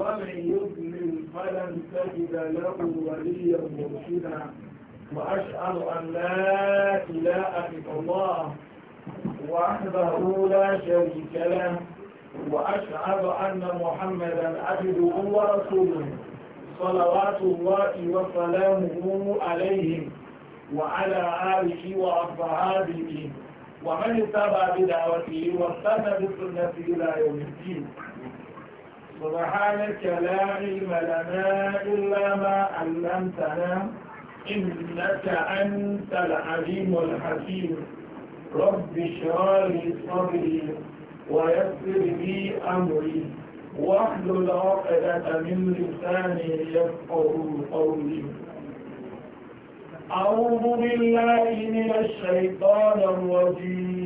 ومن يضلل فلن تجد له وليا مرشدا وأشهد أن لا إله إلا الله وحده لا شريك له وأشهد أن محمدا عبده ورسوله صلوات الله وسلامه عليه وعلى آله وأصحابه ومن اتبع بدعوته واستنى بسنته إلى يوم الدين سبحانك لا علم لنا إلا ما علمتنا إنك أنت العليم الحكيم رب اشرح لي صدري ويسر لي أمري واحلل عقدة من لساني يفقه قولي أعوذ بالله من الشيطان الرجيم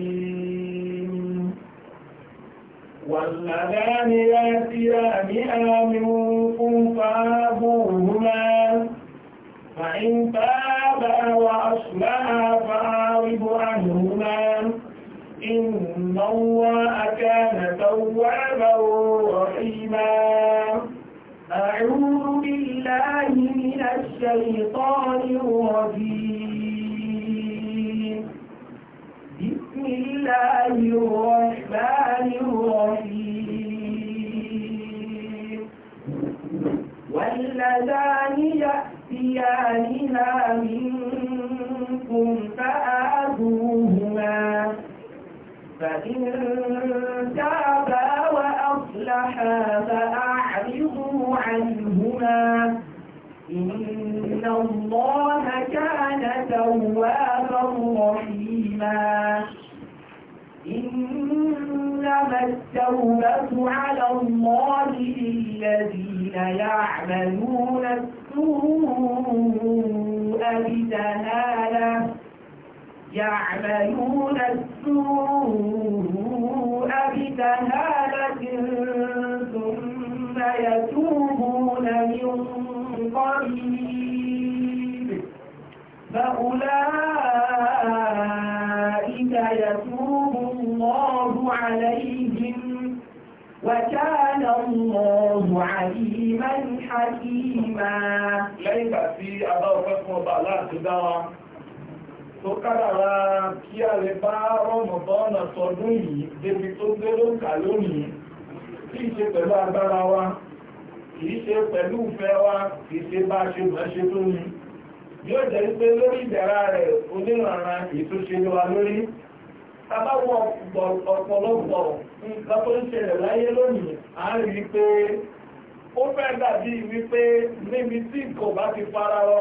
والملائكة يأتيان منكم فآبوهما فإن تابا وأصلحا فأعرض عنهما إن الله كان توابا رحيما أعوذ بالله من الشيطان الرجيم الله الرحمن الرحيم واللذان يأتيانها منكم فآذوهما فإن تابا وأصلحا فأعرضوا عنهما إن الله كان توابا رحيما إنما التوبة على الله للذين يعملون السوء بجهالة يعملون السوء بجهالة ثم يتوبون من قريب فأولئك أولئك يتوب الله عليهم وكان الله عليما حكيما ليس في أضافكم بألاك دعوة tó kádàrá kí a lè bá rọ̀mọ̀bọ́nà sọdún yìí débi tó gbérò kà lónìí kì í ṣe pẹ̀lú agbára wa kì í ṣe pẹ̀lú ìfẹ́ wa kì í ṣe bá ṣe mọ̀ ṣe tó ní yóò jẹ́ pé lórí ìdẹ̀ra rẹ̀ onírànà ìtúnṣe wa lórí abáwọn ọ̀pọ̀lọpọ̀ nǹkan tó ń ṣẹlẹ̀ láyé lónìí à ń rí pé ó fẹ́ dàbí wípé níbi tí kò bá ti fara rọ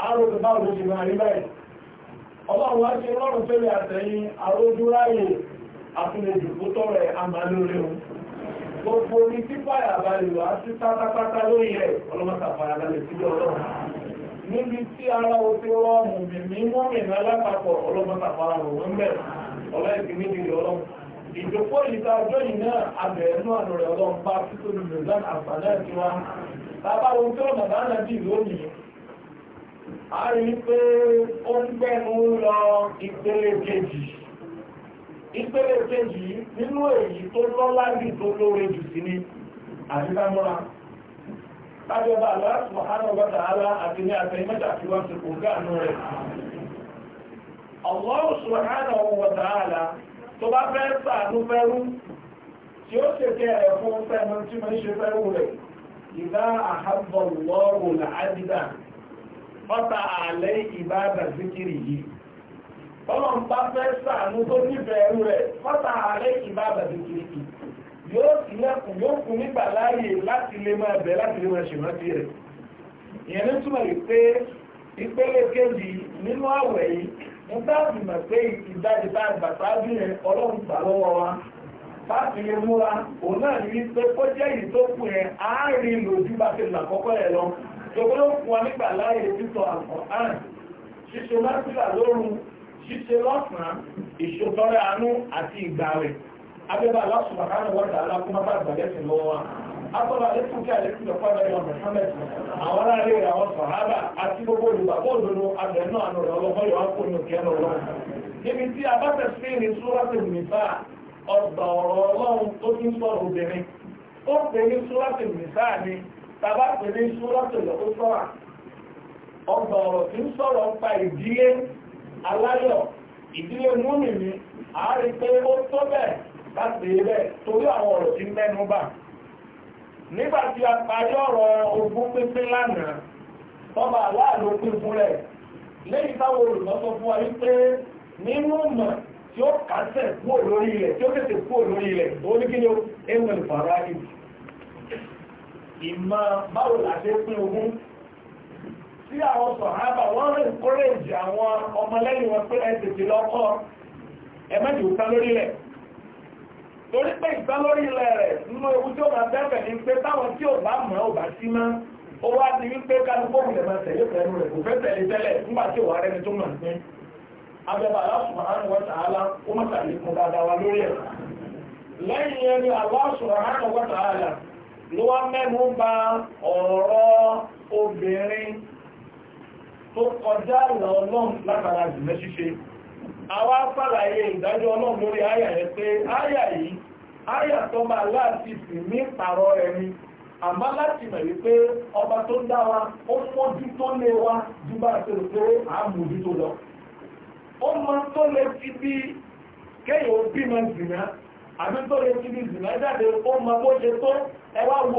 àáròdù báwo ló ṣe máa rí báyìí ọlọ́run wá ṣe lọ́rùn fẹ́lẹ̀ àtẹ̀yìn àrójú ráyè àtúnlẹ̀jù kó tọrẹ àmàlórí òun gbogbo orí tí fàyà balẹ̀ wá sí pátápátá lórí rẹ̀ ọlọ́mọ́ta fàyà balẹ̀ sílẹ̀ ọlọ́run níbi tí ara o ti rọ mùmìmí mọ́mìnà alápapọ̀ ọlọ́mọtàpá òun bẹ̀rẹ̀ ọlọ́ẹ̀kì níbi ọlọ́run ìjòkó ìta ọjọ́ yìí náà abẹ̀ẹ́nú àrùn rẹ̀ ọlọ́run bá títún ní mìíràn àǹfààní àti wa bàbá ohun tí ọ̀nà bá náà bì lónìí a rí i pé ó ń gbẹ́nu lọ ìpele kejì ìpele kejì nínú èyí tó lọ́lá jù tó lóore jù sí ni àti ká múra lábẹ́bà aláàtùmọ̀hánàwọ́ta ara àti ní àtẹ́mẹ́ta fi wọ́n ti kò gáànú rẹ̀. Allahu subhanahu wa ta'ala tó bá fẹ́ sàánú fẹ́rú tí ó ṣe kẹ́ ẹ̀ fún fẹ́mú tí mọ́ ṣe fẹ́rú rẹ̀ ìbá ahabba Allahu al-'abda fata alayhi ibada zikrihi Ọlọ́run bá fẹ́ sàánú tó nífẹ̀ẹ́ rẹ̀ fata alayhi ibada zikrihi yóò tilẹ̀kùn yóò fún nígbà láàyè láti lè máa bẹ̀ láti lè máa ṣèrántí rẹ̀ ìyẹn ní túmọ̀ yìí pé ìpele kejì nínú àwẹ̀ yìí ń bá ìmọ̀ pé ìdájì bá gbà sáájú yẹn ọlọ́run gbà lọ́wọ́ wa láti lè múra òun náà ní wípé kó jẹ́ yìí tó kù yẹn á rí lòdì bá ti là kọ́kọ́ yẹn lọ ṣògbọ́n ó fún wa nígbà láàyè títọ́ àkọ́án ṣíṣe lásìlà lóru ṣíṣe lọ́sàn-án ìṣòtọ́rẹ́ àánú àti ìgbà rẹ̀ abẹ́bà aláṣùmọ̀ káàdì wọ́n dà alákùnmọ́ bá gbàgbẹ́ sí lọ́wọ́ wa akọ́lá alẹ́kùn kí alẹ́kùn lọ fún abẹ́rẹ́ Muhammad àwọn aráàlú rẹ̀ àwọn sọ̀hábà àti gbogbo olùgbàgbọ́ òdodo abẹ́rẹ́ náà nù rẹ̀ ọlọ́gbọ́n yóò wá kó ní òkè ẹnu lọ. níbi tí abáfẹ́ sí ní súrọ́tì nìfà ọ̀gbà ọ̀rọ̀ ọlọ́run tó ti ń sọ̀rọ̀ obìnrin ó pè ní súrọ́tì nìfà ni tàbá pè ní súrọ́tì lọ́kọ́sọ́rà ọgbà ọ̀rọ̀ tí ń sọ̀rọ̀ pa ìdílé aláyọ̀ ìdílé múmìnì àárí pé ó tó bẹ́ẹ̀ láti lè bẹ́ẹ̀ torí àwọn ọ̀rọ̀ tí mẹ́nu bà nígbà tí a parí ọ̀rọ̀ ogún pínpín lánàá tọ́ba aláàlú pín fún rẹ̀ lẹ́yìn táwọn olùkọ́ sọ fún wa wípé nínú mọ̀ tí ó kásẹ̀ kúrò lórí ilẹ̀ tí ó tètè kúrò lórí ilẹ̀ ó ní kí ni ewu ìfàrà ìlú ìmọ̀ báwo la ṣe pín ogún tí àwọn sọ̀hábà wọ́n rìn kórèjì àwọn ọmọlẹ́yìn wọn pé ẹ tètè lọ́kọ́ ẹ mẹ́jì ó lórí ilẹ̀ torí pé ìgbẹ́ lórí ilẹ̀ rẹ̀ nínú ewu tí ó máa bẹ́ẹ̀ ní pé táwọn tí ó bá mọ̀ ọ́ bá sí mọ́ ó wá ní wípé kálukóhùn lè máa tẹ̀lé pẹ̀lú rẹ̀ kò fẹ́ tẹ̀lé tẹ́lẹ̀ nígbà tí tó máa pín abẹ́bà tààlà ó mọ̀ tàbí kún dáadáa lórí ẹ̀ lẹ́yìn yẹn ni aláṣùmọ̀hánù tààlà ló wá mẹ́nu awa fàlàyé ìdájọ́ ọlọ́run lórí àyà yẹn pé àyà yìí àyà tó máa láti sì ní pàrọ̀ láti wípé ọba tó ń dá wa ó tó lé wa ju bá ṣe rò pé à ń mójú tó lọ ó mọ tó lè fi bí ó zìnà àbí tó lè fi bí zìnà jáde ó mọ bó ọmọ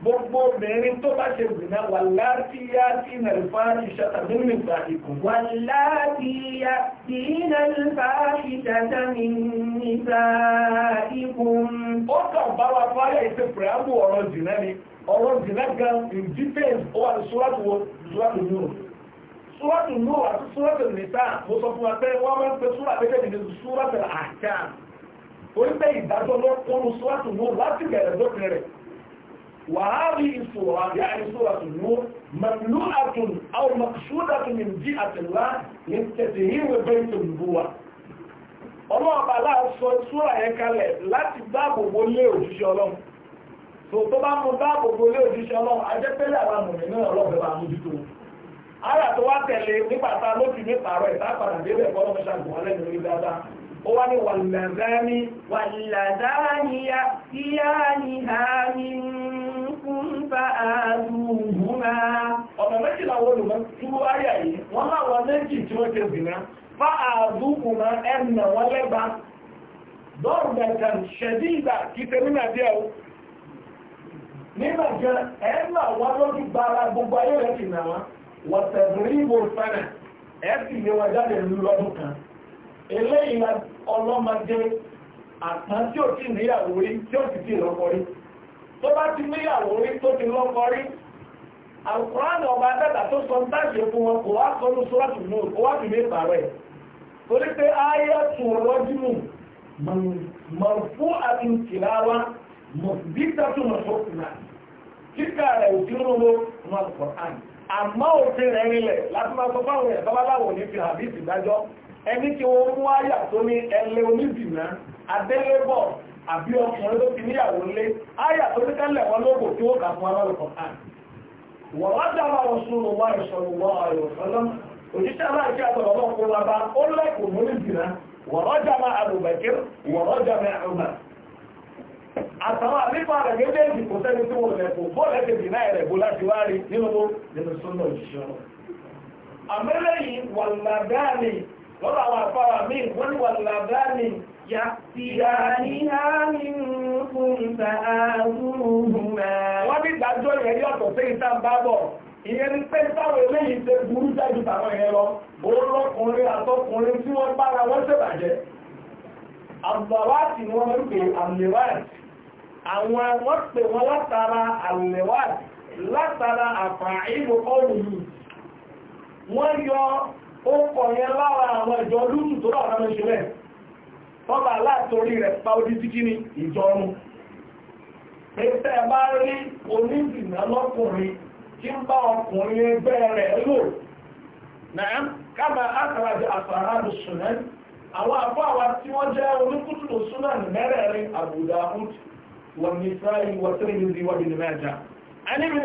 gbogbo obìnrin tó bá ṣe gbìnà wà láti yá sí nàìfà ìṣàtàmínú ìgbàdìkù. wà láti yá sí nàìfà ìṣàtàmínú ìgbàdìkù. ó kàn bá wa fáyà ìṣe pẹ̀lú ọ̀rọ̀ jìnnà ni ọ̀rọ̀ jìnnà gan in details ó wà ní ṣúwàtò ṣúwàtò yóò ṣúwàtò yóò àti ṣúwàtò nìta mo sọ fún wa pé wọ́n máa ń pe ṣúwàtò méjèèjì ní ṣúwàtò àkà orí pé ìdájọ́ ló kún ṣúwàtò láti bẹ̀rẹ̀ lópin rẹ̀ وهذه الصورة يعني صورة النور مملوءة أو مقصودة من جهة الله لتتهير بيت النبوة ọlọ́run bá láàṣọ súra yẹn kalẹ̀ láti dáàbòbò lé òjíṣẹ́ ọlọ́run tó gole bá ọlọm. so lé òjíṣẹ́ ọlọ́run ajẹ́pẹ́lẹ̀ àwọn mùmínà ọlọm bá mójútó ara tó wá tẹ̀lé nípàtà lókì nípa rẹ̀ tápàdà débẹ̀ ha fa'aduhuma ọ̀nà méjìlá wo lò wọ́n ayà yìí wọ́n wà méjì tí wọ́n ti zìnà fa'aduhuma ẹ̀nà wọn lẹ́ba dọ́rùbẹ̀tàn ṣẹ̀dígbà kí tẹ́lú nàìjíríà o nígbà jẹ́ ẹ̀nà wọn lójú ẹ̀ tó bá ti níyàwó rí tó ti lọ́kọ rí àkùránì ọba dẹ́ta tó sọ dáṣe fún wọn kò wá sọ́nù sọ́ọ̀tù náà kò wá fìdí ìpàrọ̀ ẹ̀ torí pé ayé tún rọ́júmù mọ̀fú àti ìtìláwá mọ̀fí tẹ́tù mọ̀fọ́kùnà kíkà rẹ̀ ò tí ń rúgbó wọn àkùrán àmọ́ òfin rẹ̀ rinlẹ̀ láti máa sọ fáwọn ẹ̀ babaláwo ní fi hàbí ìdájọ́ ẹni tí wọ́n mú àyà tó ní ẹlẹ́ onídìnnà adélébọ̀ àbí ọkùnrin ló ti níyàwó lé áyà tó ní kálẹ̀ wọn lóògùn tí ó kà fún alárùkọ̀ kan wọ́n wá dára wọn sún lọ wáyé sọ̀rọ̀ wọ́n ayọ̀ sọ́lọ́m òjíṣẹ́ aláìsí àtọ̀rọ̀ náà kó wa bá ó lẹ́kùn mú ní jìnnà wọ́n rọ́jà máa àlùbẹ̀kẹ́ wọ́n rọ́jà máa àlùbà àtàwọn àlífà lọ́dọ̀ àwọn àfáwà míì wọ́n ní wà lábá ni yà sí àníhà ní fún sàárùhùmá. wọ́n ní ìdájọ́ yẹn yọ̀tọ̀ sí ìta ń bá bọ̀ ìyẹn ní pé táwọn eléyìí ṣe burú jáde tàwọn yẹn lọ ó lọ́kùnrin àtọkùnrin tí wọ́n bára wọ́n ṣèbàjẹ́ àbúrọ̀wáàtì wọ́n ń pè àmìwáàtì àwọn wọ́n pè wọ́n látara àmìwáàtì látara àfààìlú ọ̀rùn yìí wọ́n yọ ó kọ̀ yẹn lára àwọn ìjọ lútù tó bá àwọn ìṣẹ̀lẹ̀ tọ́bà látorí rẹ̀ pa ó dídí kí ni ìjọrun bá rí onídìnnà lọ́kùnrin tí ń bá ọkùnrin ẹgbẹ́ rẹ̀ lò náà kábà ákàràjọ àfàrà lùsùnẹ́ àwọn àwa tí wọ́n jẹ́ súnà Abu ní sáyé tẹ́lẹ̀ ní ní mẹ́ta ẹni mi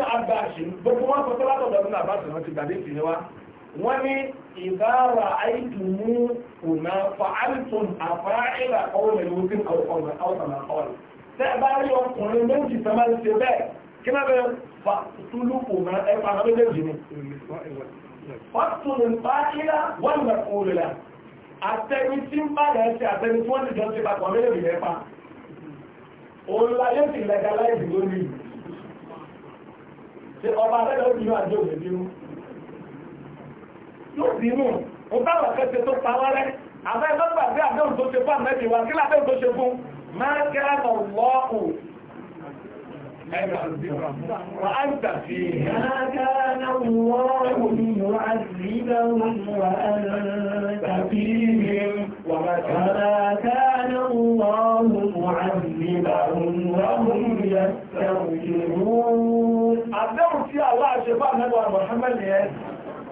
gbogbo wọn látọ̀dọ̀ nínú àbáṣe wọn ti ìbára àìdùnmú ònà fa'altun àfáàìlà ọwọ́lẹ̀ lókín àwọ̀sànà ọ̀rọ̀ tẹ́ bá rí ọkùnrin méjì tẹ́ máa ṣe bẹ́ẹ̀ kí náà bẹ́ẹ̀ fàtúlù ònà ẹ̀fà méjèèjì ni fàtúlù fa'ilá wọ́n lè kúrìlá àtẹni tí ń bá rẹ̀ ṣe àtẹni tí wọ́n ti jọ ṣe papọ̀ méjèèjì yóò bí mú mo táwọn akẹ́sẹ̀ tó pa wá rẹ́ àbẹ́ lọ́gbà bí àdéhùn tó ṣe fún àmẹ́bí wa kí ládéhùn tó ṣe fún máa kẹ́ àmọ̀ lọ́ọ̀kù وأنت فيه ما كان الله ليعذبهم وأنت فيهم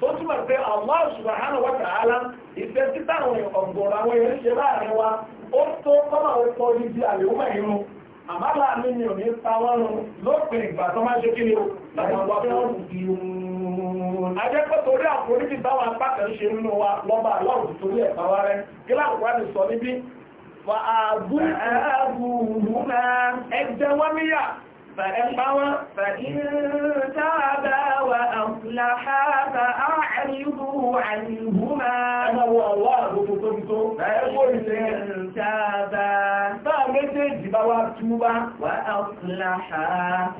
tó túmọ̀ pé Allah subhanahu wa ta'ala ìfẹ́ àwọn ọ̀gbọ̀n àwọn èèyàn ṣe láàrin wa ó tó kọ́mà ó tọ́ níbi àlèwọ̀ ìrun àmàlà mi ni ò ní ta lópin ìgbà tó ṣe kí ni ó torí àforíjì táwọn ṣe nínú wa torí rẹ̀ kí sọ níbí. wọ́n فأخر فإن تابا وأصلحا فأعرضوا عنهما أنا والله تطمت فإن تابا méjèèjì bá wá túbá wà áfìláhà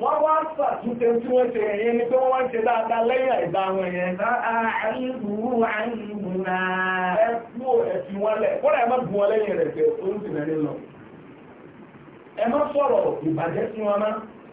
wọ́n wá fàtúnṣe tí wọ́n ṣe èyí ẹ̀mọ́ bù wọn rẹ̀ pé ẹ̀mọ́ ìbàjẹ́ sí wọn náà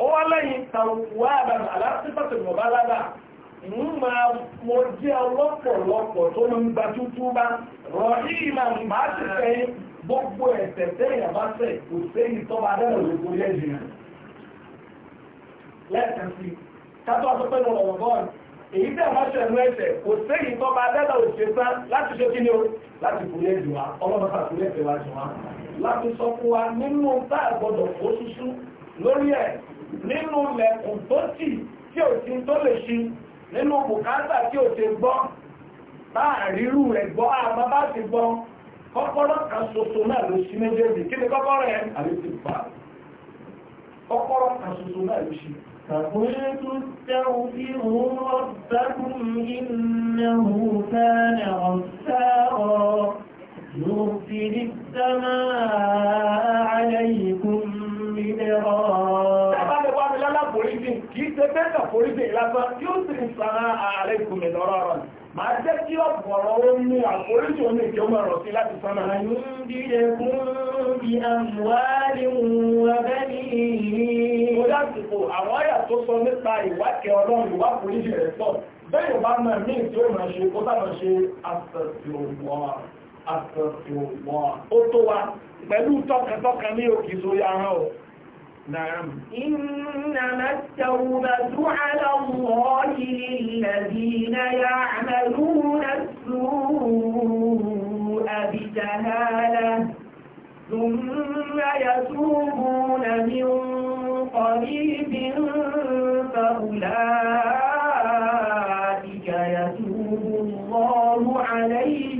ó wá lẹ́yìn tàwùwáàbà aláṣípàtì mọ̀bálábà mú máa mọ jẹ́ ọlọ́pọ̀lọpọ̀ tó ń gba tútú bá rọ̀ ìmà máa ti fẹ́yìn gbogbo ẹ̀sẹ̀ tẹ́yìn àbáṣẹ̀ kò sẹ́yìn tọ́ bá dẹ́rẹ̀ lóko lẹ́yìn lẹ́ẹ̀kan sí kátó àtọ́pẹ́ lọ́wọ́ bọ́ọ̀lù èyí tẹ́ àbáṣẹ̀ ẹ̀nu ẹ̀sẹ̀ kò sẹ́yìn tọ́ bá dẹ́rẹ̀ òṣèṣá láti ṣe kí ni o láti kúlẹ̀ jù wá ọlọ́pàá kúlẹ̀ jù wá láti sọ fún wa nínú tá àgbọ̀dọ̀ fóṣùṣù lórí ẹ̀ nínú lẹ̀kùn tó tí ò sí tó lè ṣe nínú bùkátà tí ò ti gbọ́ bá àrírù rẹ̀ gbọ́ àmọ́ bá ti gbọ́ kọ́kọ́rọ́ kan ṣoṣo náà ló ṣí méjèèjì kí ni kọ́kọ́rọ́ ẹ̀ àbí ti pa kọ́kọ́rọ́ kan ṣoṣo náà ló ṣí فَقُلْتُ اسْتَغْفِرُوا رَبَّكُمْ إِنَّهُ كَانَ غَفَّارًا يرسل السماء عليكم مدرارا kìí ṣe bẹ́ẹ̀kà forígbè lásán yóò sì ń sàrá ààrẹ ìkùnlẹ̀ lọ́rọ̀ rọ̀ máa jẹ́ kí ọ̀pọ̀rọ̀ ó mú àforíjì omi ìjọ mọ̀ rọ̀ sí láti sánà láyé ń bí ẹkún bí àmúwárí wọn bẹ́ẹ̀ni ìrìn ó dásìkò àwọn àyà tó sọ nípa ìwákẹ́ ọlọ́run ìwáforíjì rẹ̀ pọ̀ bẹ́ẹ̀ Àtọ̀tọ̀mọ́. Ó tó wa pẹ̀lú tọ́kàtọ́kà ní òkè sórí نعم إنما التوبة على الله للذين يعملون السوء بجهالة ثم يتوبون من قريب فأولئك يتوب الله عليهم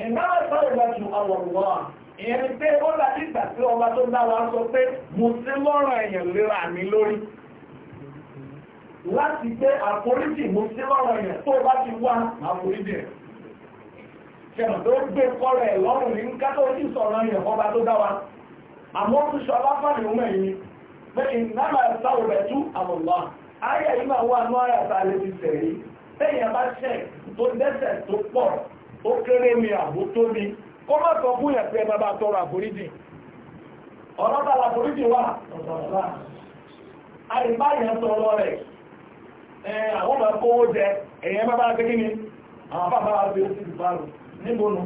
ìmáwà sọ́rọ̀ lọ́jù ọlọ́wọ́ ìyẹn pé ó láti ìgbà tí ọba tó dá wa sọ pé mo sí lọ́rọ̀ èèyàn lera mi lórí láti pé àforíjì mo sí lọ́rọ̀ èèyàn tó bá ti wá àforíjì ṣẹ̀rọ̀ tó gbé kọ́rọ̀ ẹ̀ lọ́rùn ní kátó sí sọ̀rọ̀ èèyàn ọba tó dá wa àmọ́ ó tún ṣọ láfààní ọmọ ẹ̀yìn pé ìnáwà sáwọ̀ rẹ̀ tú àmọ̀lá ayé yìí máa wà ní ọ̀rẹ́ àtàlẹ́ ó kéré mi àbó tó mi kó má sọ fún yẹn pé ẹ bàbá tọrọ àforíjì ọlọ́ta àforíjì wà àìbá yẹn tọrọ rẹ̀ àwọn bá kówó jẹ èyàn bá bá gbé kí ni àwọn bá bá gbé sí ìbárò níbónú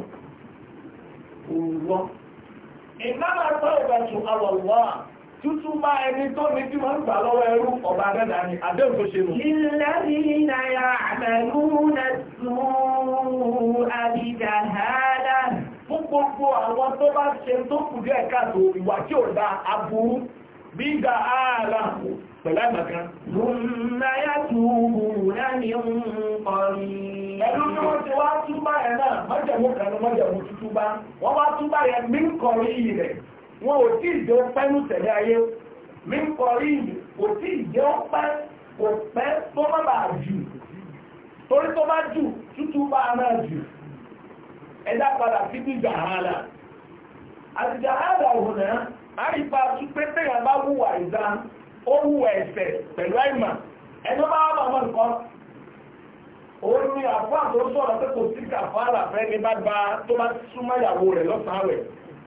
òwúrọ̀ ìnáwó àtọ́ ìbẹ̀tù tútú bá ẹni tó ní tí wọ́n gbà lọ́wọ́ ẹrú ọba dẹ́dà ni àdéhùn tó ṣe nù. lilladhina ya'maluna as-su'a bi jahalah. fún gbogbo àwọn tó bá ṣe tó kù díẹ̀ káàtó ìwà tí ò da aburú bí ga ààlà pẹ̀lú àgbàkan. lùmọ̀ ya túbù lẹ́ni kọrin. ẹ̀lú ni wọ́n ti wá túbà yẹn náà mọ́jẹ̀mú kanú mọ́jẹ̀mú tútúbà wọ́n wá túbà yẹn mí wọn ò tí ìjọ pẹ́ ní tẹ̀lé ayé mi ń kọ rí ìlú kò tí ìjọ pẹ́ kò pẹ́ tó má bàa jù torí tó bá jù tútù bá a máa jù ẹ̀dá padà sí bí jàhálà àti jàhálà òun náà a rí pa tún pé téèyàn bá wùwà ìdá ó wùwà ẹ̀ṣẹ̀ pẹ̀lú àìmọ̀ ẹni bá wà mọ̀ nǹkan òun ni àfáà tó sọ̀rọ̀ pé kò sí kàfàrà fẹ́ ní bá gba tó bá súnmọ́ ìyàwó rẹ̀ lọ́sàn-án rẹ̀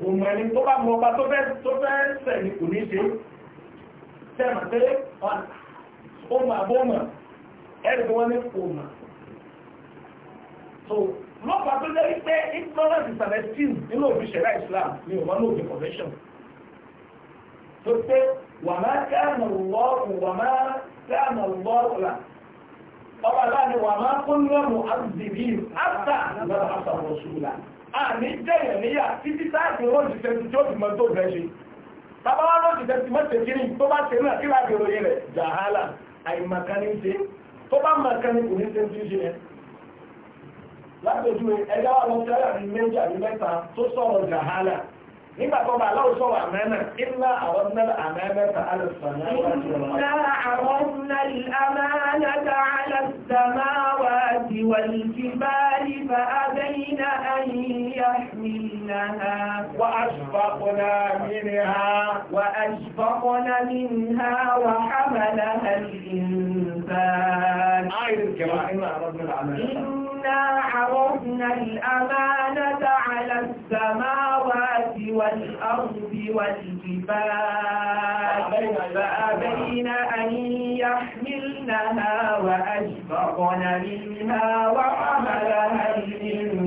kò mọ̀ ẹni tó bá mọ ọba tó fẹ́ sẹ̀ ni kò ní ṣe tẹ́mà pé ó mà bó mà tó wọ́n ní kò so lọ́pàá tó jẹ́ wípé ignorance is an excuse nínú òfin ṣẹ̀dá Islam ni ò wọ́n ní òfin convention tó pé wà máa kánà lọ́ọ̀kù wà máa kánà lọ́ọ̀kù là ọba láàrin wà máa kó lọ́ọ̀mù àti bìbí àmì jẹ́yàn níyà títí táàkì lójìṣẹ́ tí ó fi mọ́ tó bẹ́ ṣe bàbá wa lójìṣẹ́ ti mọ́ ṣe kíní tó bá ṣe náà kí láti ròyìn rẹ̀ jàhálà àìmọ̀kaní ṣe tó bá mọ̀kaní kò ní ṣe ń ṣe yẹn látòjú ẹgbẹ́ wa lọ sí àyà ní méjì àbí mẹ́ta tó sọ̀rọ̀ jàhálà nígbà tó bá aláwọ̀ sọ̀rọ̀ àmẹ́nà ilá àwọn náà àmẹ́nà alẹ́sàmáwá ti wọ́n. ilá àwọn náà àmẹ́nà alẹ́sàmáwá ti wọ́n ti bá nípa abẹ́yìnà àyíyá nínáà. wà á ṣùfàkọ́nà mìíràn. wà á ṣùfàkọ́nà mìíràn wà hàmàlà àlìyàn. àìrí kẹwàá nínú àwọn náà àmẹ́nà. إنا عرضنا الأمانة على السماوات والأرض والأرض والجبال فأبين أن يحملنها وأشفقن منها وحملها الإنسان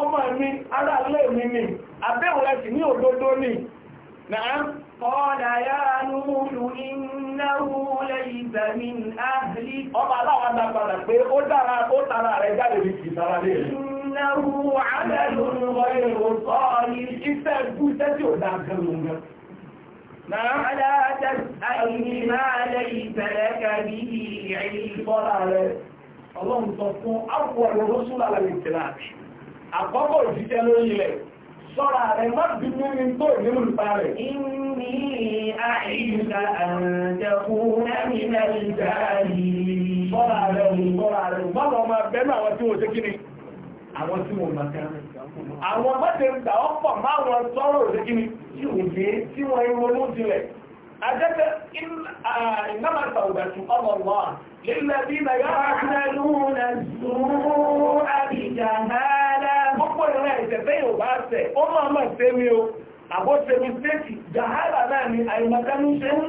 ọmọ mi ará ilé mi ni àbẹ́hùn rẹ̀ sì ní òdodo ni náà kọ́ọ̀dà yára núhùlù ináwó lẹ́yìnbẹ̀ mi áhìlì ọmọ aláwọ̀ adágbàdà pé ó dára ó tara rẹ̀ jáde ní ìtara lé rẹ̀ ináwó máa lẹ́yìn tẹ̀lẹ́kà bí ìrìn ìfọ́lá rẹ̀. Ọlọ́run sọ fún àwọn ọ̀rọ̀ rọ́ṣúlà lẹ́yìn tẹ̀lẹ́ àkọ́kọ́ òjíṣẹ́ lórí ilẹ̀ sọ́ra rẹ̀ má bínú ní tó nínú ìpa rẹ̀. Ìní àìyíká àǹtẹ̀kùn ẹ̀mìnà ìdáàlì. Sọ́ra rẹ̀ ò sọ́ra rẹ̀ má lọ máa bẹ́nu àwọn tí wọ́n ṣe kíni. Àwọn tí wọ́n máa kán. Àwọn mọ́tẹ̀ ń gbà ọ́pọ̀ má wọn sọ́rọ̀ òṣè kíni. Tí ò dé tí wọ́n ń bákanáà ìtẹ̀fẹ́ yóò bá tẹ̀ ó máa máa tẹ́ mi o àbọ́tẹ̀ mi tẹ́kì jàhálà náà ni àìmọ̀kánú ṣe ń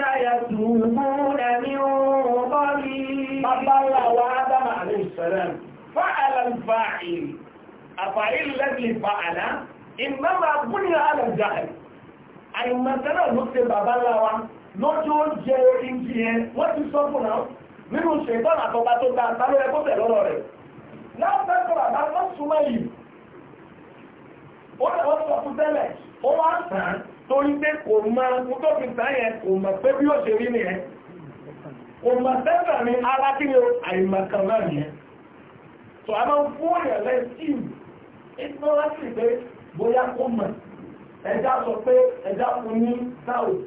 náà yà tùrùmú ẹni oòrùn bá rí bàbá ńlá wa ádámà alayhi salam fa'ala al-fa'il àfàìl ladhi fa'ala innama buniya ala al-jahl àìmọ̀kánú ló ṣe bàbá ńlá wa jẹ ìjì yẹn wọ́n ti sọ fún náà nínú ṣètọ́nà àtọ́gbà tó dáa sáré ẹgbẹ́ ó lọ́wọ́ sọ fún tẹ́lẹ̀ ó wá ń tàn torí pé kò mọ ohun tó fi tàn yẹn kò mọ̀ pé bí ó ṣe rí nìyẹn kò mọ̀ tẹ́lẹ̀ ní ara kí ni àìmọ̀kan náà nìyẹn tó a máa fún ọ̀yàn lẹ́sìn ignorance pé bóyá kò mọ̀ ẹja sọ pé ẹja fún ní south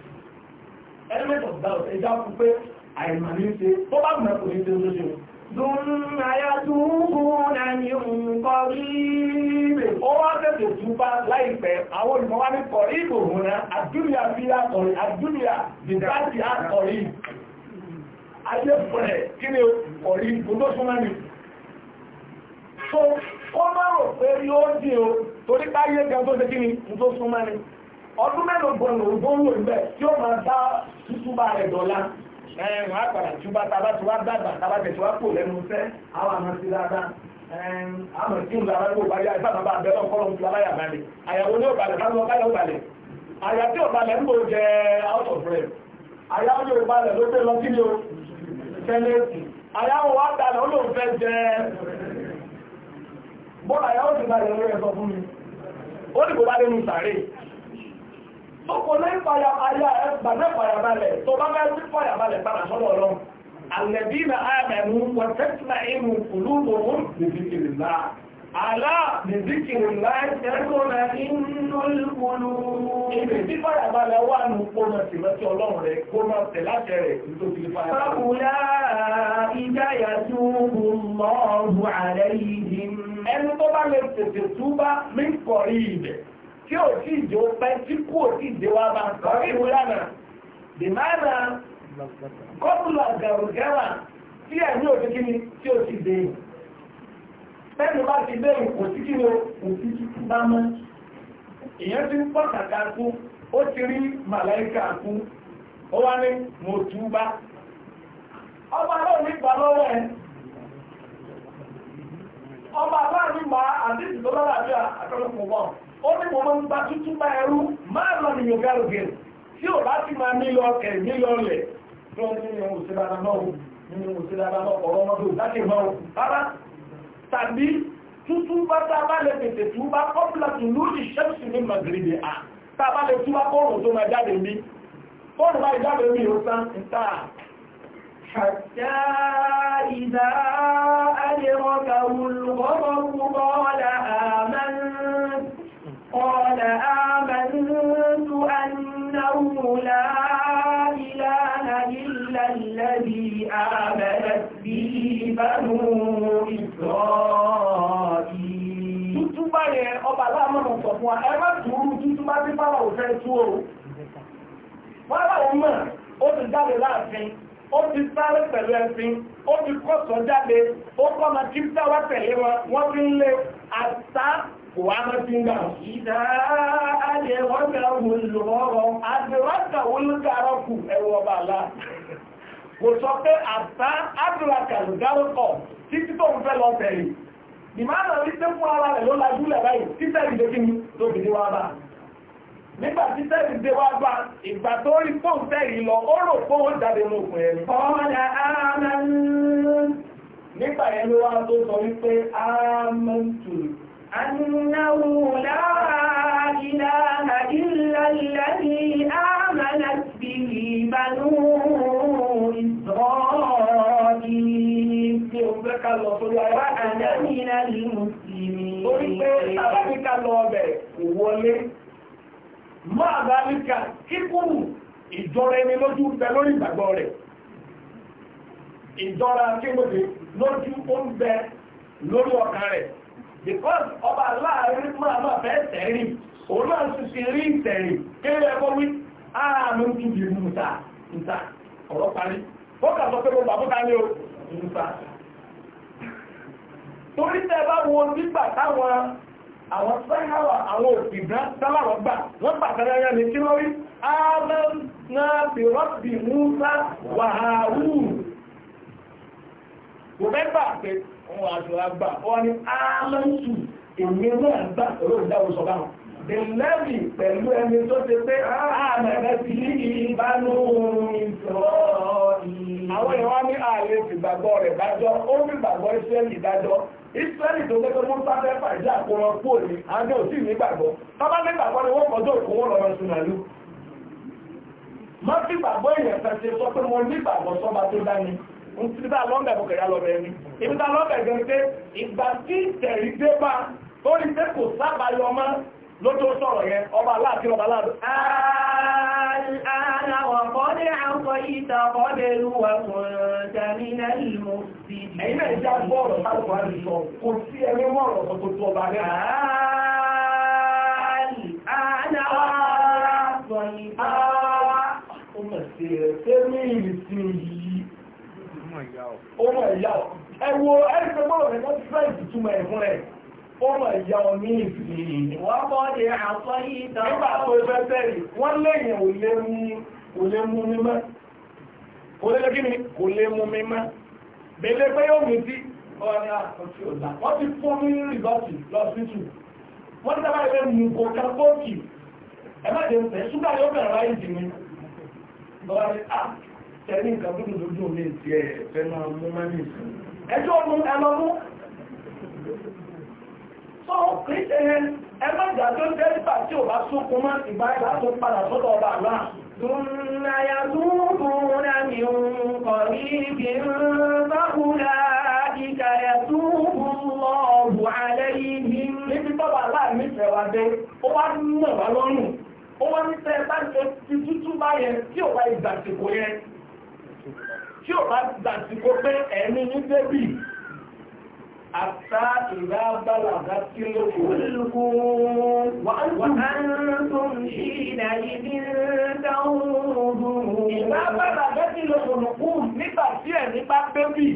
element of doubt ẹja fún pé àìmọ̀ ní ṣe tó bá mọ̀ kò ní ṣe lóṣèlú ثم يتوبون من قريب ó wá tẹ̀sẹ̀ túbá láìpẹ́ àwọn olùmọ́wá ní kọ̀rí ìgbòhùn náà àdúnyà fi àkọ̀rí àdúnyà dìdájì àkọ̀rí ayé pẹ̀rẹ̀ kí ni kọ̀rí ìgbòhùn súnmọ́ ni so ó máa rò pé yóò dì o torí báyé gan tó ṣe kí ni tó súnmọ́ ni ọdún mẹ́lòó gbọ́nà ògbóhùn ìgbẹ́ tí ẹ̀rùn àpàdà jùbá tàbá tí wá dàgbà tàbá tẹ̀ tí wá pò lẹ́nu iṣẹ́ àwọn àmọ́ sí dáadáa àmọ́ tí ń lára ló bá yá ìfàmà bá bẹ́ẹ̀ àyàwó ní òbalẹ̀ fáwọn ọ̀ká ló balẹ̀ àyà tí òbalẹ̀ ń bò jẹ out of breath àyà ó ní òbalẹ̀ ló dé lọ o àyà ó ó jẹ ó ti fún mi ó ní bá dénú ọkùnrin fàyà ayá ẹgbà náà fàyà balẹ̀ tó bá bá sí fàyà balẹ̀ padà sọ́dọ̀ ọlọ́run àlẹ́bí na àmẹ̀mú wọ́n tẹ́tìmá inú olúborún nìdíkìrìlá àlá ibi tí fàyà wà ní kóná sí mẹ́tí ọlọ́run rẹ̀ kóná tẹ̀ láti rẹ̀ nítorí fàyà balẹ̀. fàkùlá ìdáyà tó mọ́ ọ̀rùn àlẹ́ yìí ẹni tó bá lè tètè tí o tí ìjò pẹ́ tí kú o tí wa bá ń sọ rí ìwé lánà dìmánà kọ́pùlù àgàrùgẹ́wà tí ẹ̀ ní tí o ti dé pẹ́lú bá ti dé kò sí kíni kò bá mọ́ ti ń pọ̀ kàkà kú ó ti rí màláìkà kú ó wá ní mo tú bá ó ní mo máa ń gba tútú bá ẹrú máa lọ ní yóò gáàrù gẹ̀rù tí ò bá ti máa nílọ ọkẹ̀ nílọ ọlẹ̀ tó ń ní ohun òṣèlú ara náà nínú òṣèlú ara náà ọ̀rọ̀ ọmọdé òdáṣe mọ́ ọ rárá tàbí tútú bá tá a bá lè tètè tú bá kọ́pùlà tù lú ìṣẹ́sì ní màgìrìbì à tá a bá lè tú bá tó máa jáde mí kọ́ọ̀rùn bá ìjáde mí ó sán ń tà حتى إذا أدركه الغرق قال آمنت قال آمنت أنه لا إله إلا الذي آمنت به بنو إسرائيل tútúbá yẹn ọba láàmọ́nà sọ fún wa ẹgbẹ́ sùúrù tútúbá tí bára ò fẹ́ tú o wọ́n láwọn mọ̀ ó ti jáde láàfin ó ti sáré pẹ̀lú ẹ̀sìn ó ti kọ́sọ̀ jáde ó kọ́ ma kí sáwá tẹ̀lé wọn wọ́n fi ń lé àtà kò wá mọ́ sí ńgbà. ìdá ayé wọ́n gbà olùrọ̀rọ̀ adúrákà olùdarọ́kù ẹ̀wọ̀ bàlá kò sọ pé àtà adúrákà ń ni tó bìí wá bá nígbà títẹ̀ ìdè wá bá ìgbà tó rí fóun tẹ̀ yìí lọ ó rò pé ó jáde ní òkun ẹni. ọ̀nà àmà tùrù أنه لا إله إلا الذي آمنت به بنو إسرائيل وأنا من المسلمين ìjọra ẹni lójú bẹ lórí ìgbàgbọ́ rẹ̀. Ìjọra kí mọ́dé lójú ó lórí ọkàn rẹ̀. because ọba láàrin máa máa fẹ́ tẹ̀rí òun náà sì ti rí tẹ̀rí kéèrè ẹ̀kọ́ wí ààrùn tún bí ọ̀rọ̀ parí sọ pé mo ní o mùsà torí tẹ bá wo nígbà táwọn àwọn sáháwà àwọn òfìdá sáláwọ̀ gbà wọ́n pàtàkì ní kí lórí ààrùn náà wọ́n wá aṣọ àgbà bẹ̀lẹ́bì pẹ̀lú ẹni tó ti pé àmẹ́rẹ́ ah, ah, ti ní ìbánú àwọn ìwọ́n ní ààrẹ ah, ti gbàgbọ́ rẹ̀ dájọ́ ó fi gbàgbọ́ ìṣẹ́lì dájọ́ ìṣẹ́lì tó gẹ́gẹ́ mú sáfẹ́ pàdé àkóran ìtìlítà lọ́bẹ̀ bùkẹ̀yà lọ́bẹ̀ ẹni ìbítà lọ́bẹ̀ gẹ̀ẹ́ pé ìgbà tí tẹ̀rí dé bá tó rí pé kò sábàáyọ mọ́ ló tó sọ̀rọ̀ yẹn ọba aláàfin ọba aláàdù aláwọ̀ kọ́dé àwọn ìta kọ́dé lúwà kọ̀ọ̀dàmínà ìlú ẹ̀yìn náà ìjà gbọ́ọ̀rọ̀ sárùkù àdìsọ kò sí ẹgbẹ́ mọ́ọ̀rọ̀ tó tó ọba rẹ̀ aláwọ̀ kọ́dé àwọn ìta kọ́dé lúwà kọ̀ọ̀dàmínà ìlú ọmọ ìyá ẹwọ ẹgbẹ̀gbọ́n rẹ̀ lọ́ti fẹ́ẹ̀sì túnmọ̀ ẹ̀fún rẹ̀ ọmọ ìyá ọmọ ìfì wọ́n bọ́ di àpọ́ ìdá nígbà wọ́n ah, wọ́n ti mi lọ sí tù wọ́n ti ẹgbẹ́ mú kò ká kóòkì ń ṣúgbà yóò bẹ̀rẹ̀ lọ́wọ́ tẹ́lí nǹkan tó dùn lójú omi ti ẹ̀ fẹ́ máa mú máa ní ìsìn ẹjọ́ ọmọ ẹlọ mú sọ kìí ṣe ẹgbẹ́gbà tó jẹ́ nípa tí ò bá sókun má ìgbà ìgbà tó padà sọ́dọ̀ ọba àgbà ثم يتوبون من قريب فأولئك يتوب الله عليهم níbi tọ́ba aláàmì tẹ̀wà ó wá ń mọ̀ wá lọ́rùn ó wá ń tẹ́ bá ti tútú báyẹn tí ò bá ìgbà tìkò yẹn tí ò bá dàsìkò pé ẹ̀mí ní débì àtà ìlà bàlàdà tí ló kò lùkù wọ́n tó ń ṣí ìdá ìdí dáhùn ìlà bàlàdà tí ló kò lùkù nígbà tí ẹ̀mí bá bébì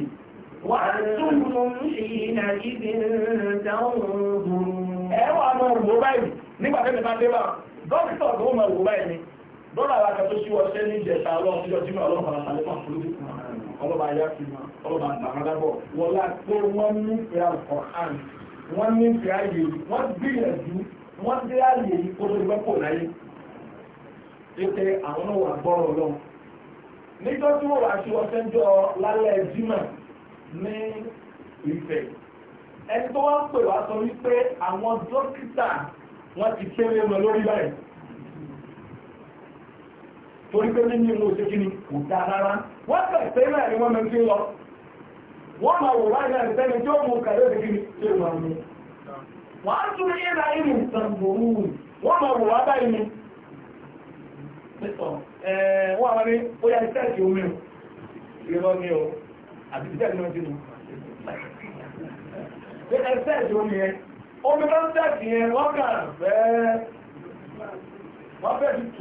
wọ́n tó ń ṣí ìdá ìdí dáhùn ẹwà náà wò báyìí nígbà tí débà dókítà tó mọ̀ wò báyìí lọ́rọ̀ àwọn akẹ́ tó sí wọ́n sẹ́ ní ìjẹta ọlọ́run tíjọ tí ọlọ́run bá sàlẹ̀ fún àpolójú ọlọ́ba ayá fi ọlọ́ba àgbàmọ́dábọ̀ wọ́n lá pé wọ́n nífẹ̀ẹ́ àlùkọ̀hán wọ́n nífẹ̀ẹ́ ayé wọ́n gbìyànjú wọ́n dé ayé yìí kó tó gbẹ́pọ̀ láyé pé àwọn náà wà gbọ́rọ̀ lọ́wọ́ níjọ́ tí wọ́n wá sí wọ́n sẹ́jọ́ lálẹ́ jimá ní ìfẹ́ ẹni tó wá ń pè wá sọ wípé àwọn dókítà wọ́n ti kéré mọ́ lórí báyìí torí pé nínú ìlú òṣèkí ni kò dá wọ́n tẹ̀ pé ni wọ́n na lọ wọ́n máa wò láì náà tí ó mú kàlẹ́ òṣèkí ni tí ó máa mú wọ́n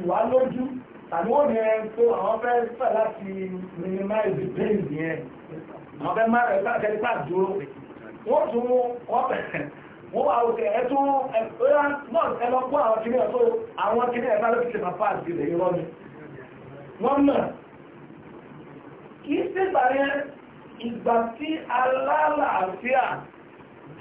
á àmú ó ní ẹn tó àwọn fẹ́ fẹ́ láti minimize pain yẹn àwọn fẹ́ má rẹ̀ bá kẹ́lí bá dúró wọ́n tún mú wọ́n bẹ̀rẹ̀ wọ́n wà òkè ẹtú ẹ̀rọ náà ẹlọ kó àwọn kìnìyà tó àwọn kìnìyà bá ló ti ṣe pàpà àti ilẹ̀ irọ́ wọ́n mọ̀ kì sí ìgbà yẹn ìgbà tí alálàáfíà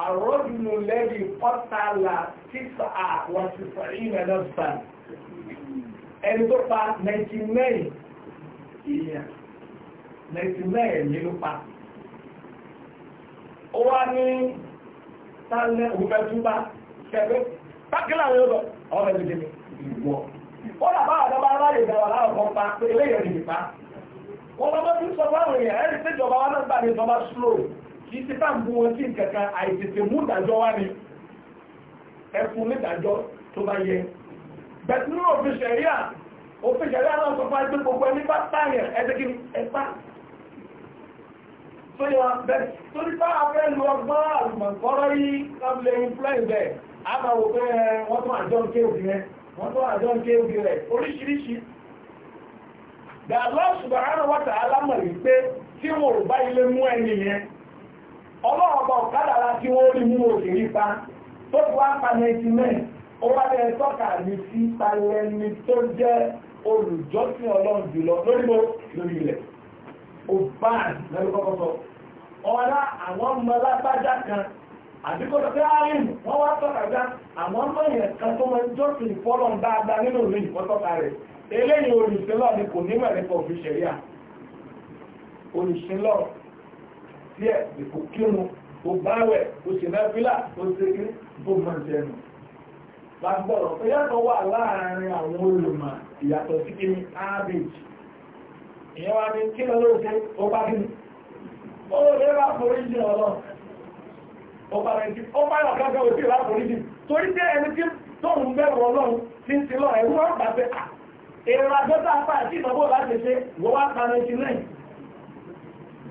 الرجل الذي قتل تسعة وتسعين نفسا ẹni tó pa 99 èèyàn 99 ẹ̀mí ló pa ó wá ní tálẹ̀ òkúfẹ́túbá ṣẹ̀fẹ́ pákílà rẹ̀ lọ ọmọ ẹ̀mí jẹ́ mi ìwọ̀ ó làbá àdọ́bá ráyè ìdáwà láàrùn pa pé eléyẹ̀ nìyí pa wọ́n lọ́mọ́ tí ń sọ fáwọn èèyàn ẹ̀rí tẹ́jọba wọn náà gbà ní ìjọba slow kì ti bá bu sí ka kan mú ìdájọ́ wá ni ẹkùn nídàájọ́ tó bá yẹ bẹ̀tí nínú náà ẹgbẹ́ gbogbo ẹni bá táyẹ̀ tó ní bá abẹ́ lu ọgbọ́n àlùmọ̀kọ́rọ́ yìí kábílẹ̀ influence a máa wò pé wọ́n tó àjọ ń kéwì rẹ̀ wọ́n tó àjọ ń kéwì rẹ̀ oríṣiríṣi dàlọ́sùgbọ̀n àwọn wọ́tà alámọ̀ wípé tí wọn ò bá ilé ọlọ́ọ̀bọ̀ kádàrá tí wọ́n rí mú òṣèré pa tó ti wá pa ninety nine ó wá bẹ́ẹ̀ tọ́ka ní sí palẹ́ni tó jẹ́ olùjọ́sìn ọlọ́run jùlọ lórí mo lórí ilẹ̀ ó bá lẹ́nu kọ́kọ́ sọ ọ̀la àwọn ọmọ lágbájá kan àti kó tẹ́ àárín wọ́n wá tọ́ka já àwọn ọmọ yẹn kan tó máa ń jọ́sìn fọ́lọ́ dáadáa nínú ìlú ìfọ́ tọ́ka rẹ̀ eléyìí olùsílọ̀ ni kò ní mẹ́rin pọ̀ fi ṣẹ̀ríà olùsílọ̀ sí ẹ̀ kírun báwẹ̀ kò ṣe mẹ́fílà kò ṣe kí bó máa jẹ nù. lágbọ́dọ̀ yàtọ̀ wà láàárín àwọn olùmọ̀ ìyàtọ̀ sí kí ni ábèjì ìyẹn wá ní kí lọ lóòṣe ó bá kí ni ó lè foríjì ọlọ́run ó bá rẹ̀ ó bá yọ̀ kẹ́kẹ́ òsì foríjì torí ẹni tí ń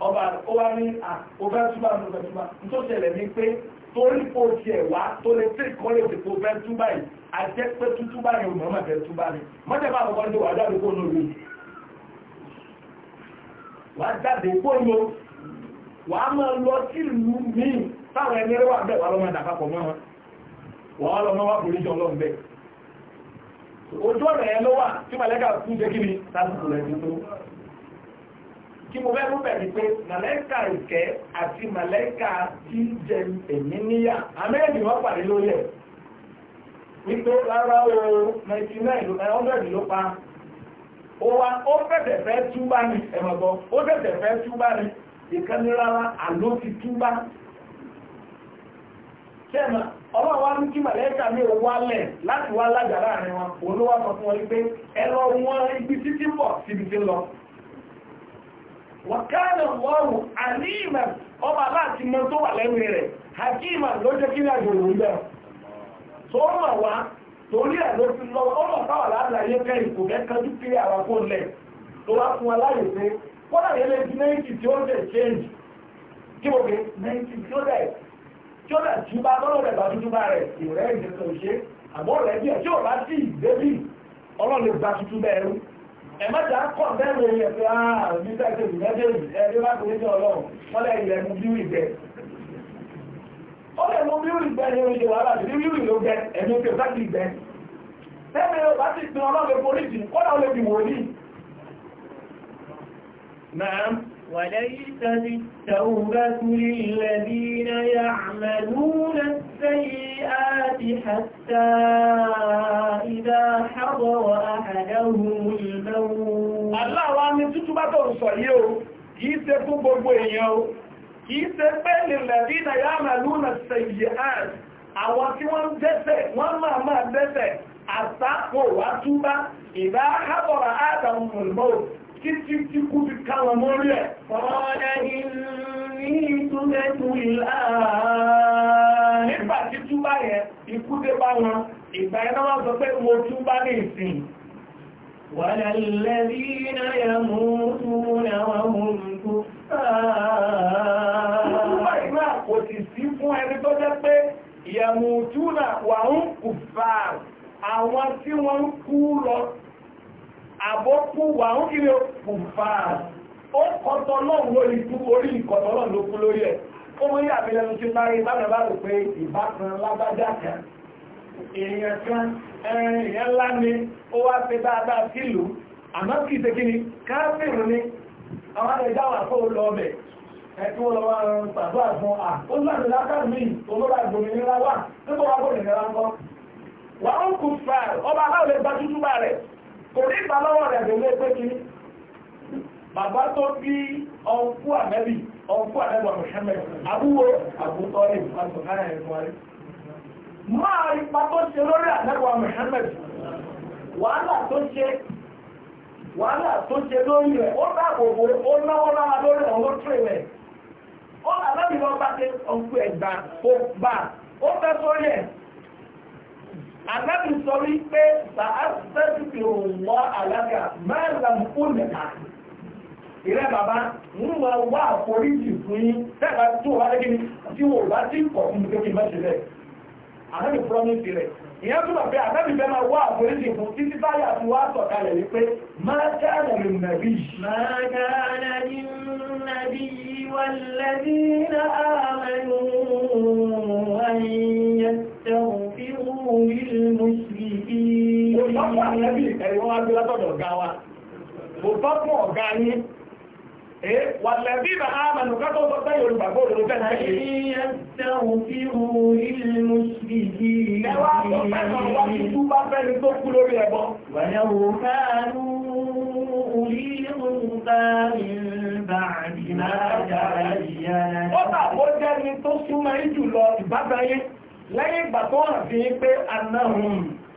ọba ó wá ní à ó fẹ́ túbà ní ọ̀fẹ́ túbà tó ṣẹlẹ̀ ní pé torí kò tiẹ̀ wá tó lè tí kọ́ lè tètò fẹ́ túbà yìí a jẹ́ pé túbà yìí òun náà fẹ́ túbà ni mọ́tẹ́ bá àwọn ọdún wà jáde kó lórí wà jáde kó lo wà á máa lọ sí ìlú míì táwọn ẹni rẹ wà bẹ́ẹ̀ wà lọ́mọ ìdàpapọ̀ mọ́ wọn wà á lọ́mọ wà kòrí jọ lọ́n bẹ́ẹ̀ ojú ọ̀rẹ́ yẹn ló wà tí màlẹ́kà kú jẹ́ kí ni sásìkò rẹ̀ ti tó tí mo fẹ́ mú bẹ̀rẹ̀ pé màlẹ́kà ìkẹ́ àti màlẹ́kà tí jẹ èmi níyà wọ́n pàdé ló yẹ̀ wípé rárá o eh, ló pa ó wá ó fẹ̀fẹ̀ fẹ́ túbá ni ẹ̀mọ̀gbọ́ ó fẹ̀fẹ̀ fẹ́ túbá rárá àló ti túbá ọlọ́run wá ní kí màlẹ́kà láti wá wọn òun ló wá sọ fún wọn wípé ẹ lọ lọ wàkánà wọ́rùn àlíìmà ọba láti mọ́ tó wà lẹ́nu rẹ̀ hakima ló jẹ́ kí láàrín òun bẹ́ẹ̀ tó mọ̀ wá torí ẹ̀ ló ti lọ ọmọ táwà láàrín kẹ́ ìkò kẹ́kẹ́jú kiri àwọn kó lẹ̀ tó wá fún aláyè pé kọ́nà yẹn lè di náírà tí ó dẹ̀ change kí mo gbé náírà tí ó dẹ̀ tí ó dẹ̀ tú bá lọ́rọ̀ rẹ̀ bá tuntun bá rẹ̀ ìrẹ́ ìjẹsẹ̀ òṣè àbọ̀ rẹ̀ bí ẹ̀ tí ò bá sí ìdébì ọlọ́run lè gba tuntun ẹ̀mọ́jà kọ̀ bẹ́ẹ̀rẹ̀ yẹ̀ pé àà ní tẹ́ẹ̀tẹ̀ ìrẹ́bẹ̀rẹ̀ ẹ̀rẹ́ bá kò ní ọlọ́run wọ́n lẹ́ ilẹ̀ mú bí ìgbẹ́ ó lè mú bí ìgbẹ́ ní oúnjẹ wàhálà sí bí ìlú gbẹ ẹ̀mí pé bá ti gbẹ tẹ́ẹ̀mẹ̀ yóò bá ti pin ọlọ́run polisi kọ́nà ó lè di wòlíì وليست التوبة للذين يعملون السيئات حتى إذا حضر أحدهم الموت الله وامي تتوبá tó ń sọ o kìí ṣe fún gbogbo èèyàn o kìí ṣe àwọn tí wọ́n dẹ́ṣẹ̀ wọ́n máa máa dẹ́ṣẹ̀ àtàkò wá túbá ìbá hábọ̀rọ̀ adam mọ̀lmọ́ títí tí kú mọ́rí ẹ̀. nígbà tí túbá yẹn ikú dé bá wọn ìgbà iná wọ́n sọ pé mo túbá ní ìsìn ولا الذين يموتون وهم كفار kò sì tó jẹ́ pé يموتون وهم كفار àwọn tí wọ́n kú lọ àbọ́kú wàhún kí ni kùfà ó mọ́ ní àbílẹ̀nu ti máa rí bára bá rò pé ìbákan lágbájá kan èèyàn kan ẹ̀rin ìyẹn ńlá ni ó wá pé dáadáa sílù àmọ́ kìí ṣe kí ni káfíìrù ni àwọn àrẹ̀dáwà kó lọ ọbẹ̀ ẹ̀tún lọ wá ń pàdó àfún à ó láti látàrí mi olóra gbòmìnira wà nígbà wà gbòmìnira ń kọ́ wà ó kù fà ọba aláwọ̀ lè gba tútù bá rẹ̀ kò ní ìgbà lọ́wọ́ rẹ̀ lè lé pé kí bàbá tó bí ọkú àmẹ́bí ọkọ̀ àdẹ́gbà Muhammad abúwo àbútọ́lẹ̀ àtùkáyà ẹ̀kọ́rí máa rí pàtó ṣe lórí àdẹ́gbà Muhammad wàhálà tó ṣe wàhálà tó ṣe lórí rẹ̀ ó dáàbòbò ó náwó lára lórí ọ̀rọ̀ tó rẹ̀ ó làlábì lọ bá ṣe ọ̀pọ̀ ẹ̀gbà tó bá ó fẹ́ sórí ẹ̀ àdábì sọ wípé sàásẹ́sì fi rò wọ́n àlágà mẹ́rin kúnlẹ̀ àti ìrẹ́ bàbá mú ma wá àforíjì fún yí tẹ́gbà tí wọ́n bá lẹ́gbẹ́ ní tí wọ́n bá tí kọ̀ fún mi tó kí n bá ṣe bẹ́ẹ̀ àbẹ́bí promise rẹ̀ ìyẹn túnbà pé àbẹ́bí fẹ́ máa wá àforíjì fún títí báyà fún wá sọ̀kalẹ̀ wípé máa káàlẹ̀ lè nàbí máa káàlẹ̀ lè ọ̀gá yín والذين آمنوا كتبوا تطير البابور رجال هاي يستغفروا للمشركين ولو كانوا أولي قربى من بعد ما تبين Ọba àwọ́jẹ́ ni tó súnmọ́ ìjùlọ ìbábáyé lẹ́yìn ìgbà tó hàn sí pé anáhùn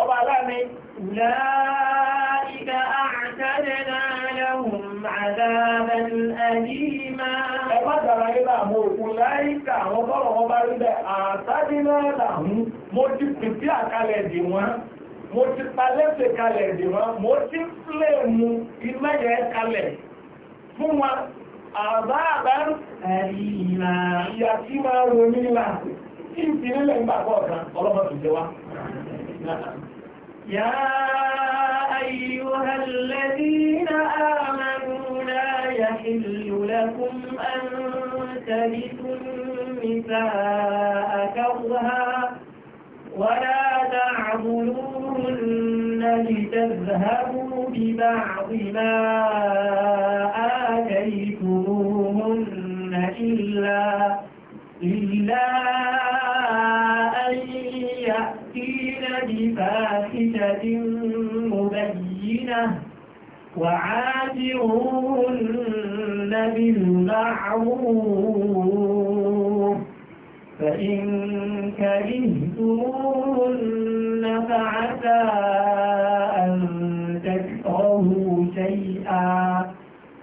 ọba aláàmì láàríkà àtàrẹ́nà lẹ́hùn àdáàbẹ̀n àdíìmá ẹgbà dára ilá àwọn òkú láìkà àwọn tọ́rọ wọn bá rí bẹ́ àtàrẹ́nà lẹ́hùn mo ti pìpí àkalẹ̀ dì wọ́n mo ti palẹ́sẹ̀ kalẹ̀ dì wọ́n mo ti ilẹ́yẹ kalẹ̀ fún wọn máa نعم. يا أيها الذين آمنوا لا يحل لكم أن تلثوا النساء كرها ولا تعبدوهن لتذهبوا ببعض ما آتيتموهن إلا إلا أن يأتين بفاحشة مبينة وعاجرون بالمعروف فإن كرهتمون فعسى أن تكرهوا شيئا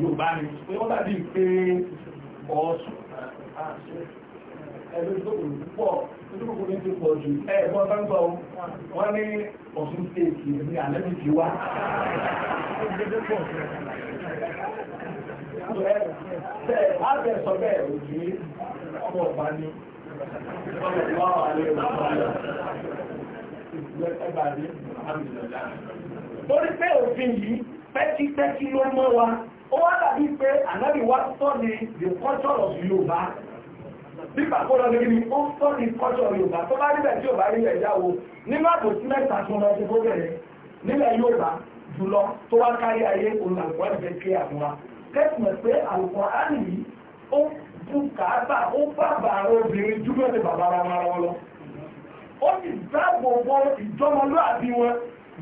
Yorùbá ni pé wọ́n bá bí pé ọ̀ṣùn ẹgbẹ́ tó kò pọ̀ tó kò ní ti pọ̀ jù ẹ̀gbọ́n bá ń gbọ́ wọ́n ní Ọ̀ṣun stéèkì ní àlẹ́bí ti wá bẹ́ẹ̀ á bẹ̀ sọ bẹ́ẹ̀ òjì ọmọ ọ̀bá ni ọmọ ọ̀bá ni ọmọ ọ̀bá ni torí pé òfin yìí pẹ́kípẹ́kí ló mọ́ wa ó wá dàbí pé ànábì wá sọ́ni the culture of Yorùbá nígbà tó lọ lórí ó sọ́ni culture Yorùbá tó bá níbẹ̀ tí ò bá níbẹ̀ jáwo nínú àpòtí mẹ́ta tó lọ sí bóbẹ̀rẹ̀ nílẹ̀ Yorùbá jùlọ tó wá kárí ayé òun àgbọ̀ ẹ̀fẹ̀ kí àwọn wa kẹ́sìmọ̀ pé àlùkò àánì yìí ó bùkátà ó bàbà àwọn obìnrin júlọ ní bàbá ara wọn lọ ó sì dáàbò bo ìjọmọlúàbí wọn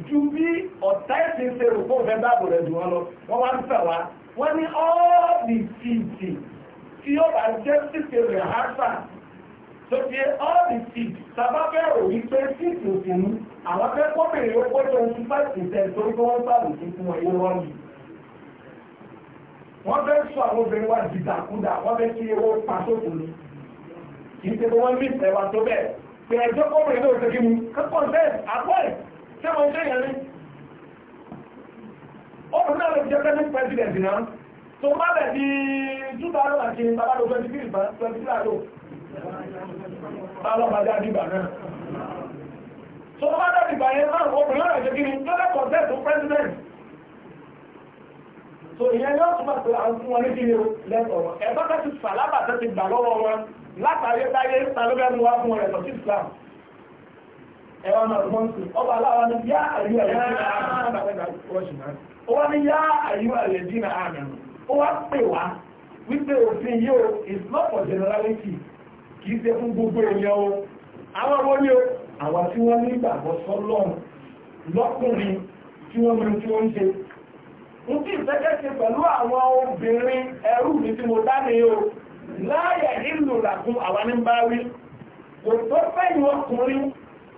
ju bí ọ̀tá ẹ̀sìn ṣe rò fún ọ̀fẹ́ dáàbò rẹ̀ jù wọn lọ wọ́n wá ń fẹ̀ wá wọ́n ní all the seed tí ó bá jẹ́ sípè rẹ̀ hásà tó fi all the seed tàbá fẹ́ rò wípé seed òsìnú àwọn fẹ́ kọ́bìnrin ó pọ́jọ twenty five percent tó ń gbọ́ wọ́n sàrò sí fún ẹ̀yọ́ wọn yìí wọ́n fẹ́ sọ àwọn obìnrin wa dìdàkúdà wọ́n fẹ́ kí owó pa sókò ní kì í ṣe pé wọ́n ní ìfẹ́ wa tó bẹ́ẹ̀ pé ẹjọ́ kọ́bìnrin náà ṣe kí mu kẹ́kọ̀ọ́ bẹ́ẹ̀ àpọ̀ ẹ̀ ṣé wọ́n ṣe ọdún náà lè jẹ́ pẹ́sí pẹ́sidẹ̀ntì náà tó má bẹ̀ ní 2000 àti babado 23 àlò bálọ́bàdá dìgbà náà tó má bẹ̀ dìgbà yẹn náà ọdún náà jẹ́ kí ni tó lẹ́kọ̀ọ́ tẹ́ tó president so ìyẹn yóò túnmọ̀ pé àwọn fún wọn ní kí ni lẹ́kọ̀ọ́ ẹ̀bá tẹ́ ti fà lábàtẹ́ ti gbà lọ́wọ́ wọn látàrí táyé tàbí ẹnu wá fún wọn ẹ̀tọ́ sí Islam ẹ̀wọ́n náà wọ́n sì ọba aláwa ní yá àyíwá yẹn dínà àmì ó wá ní yá àyíwá yẹn dínà àmì ó wá pè wá is not for generality kì í ṣe fún gbogbo èèyàn o àwọn ọmọ ní o àwọn tí wọ́n ní ìgbàgbọ́ sọ́lọ́run lọ́kùnrin tí wọ́n mú tí wọ́n ń ṣe ń tí ìfẹ́kẹ́ ṣe pẹ̀lú àwọn obìnrin ẹrú mi tí mo dá ní o láyẹ̀ ìlú làkún àwọn ní bá kò tó fẹ́yìn ọkùnrin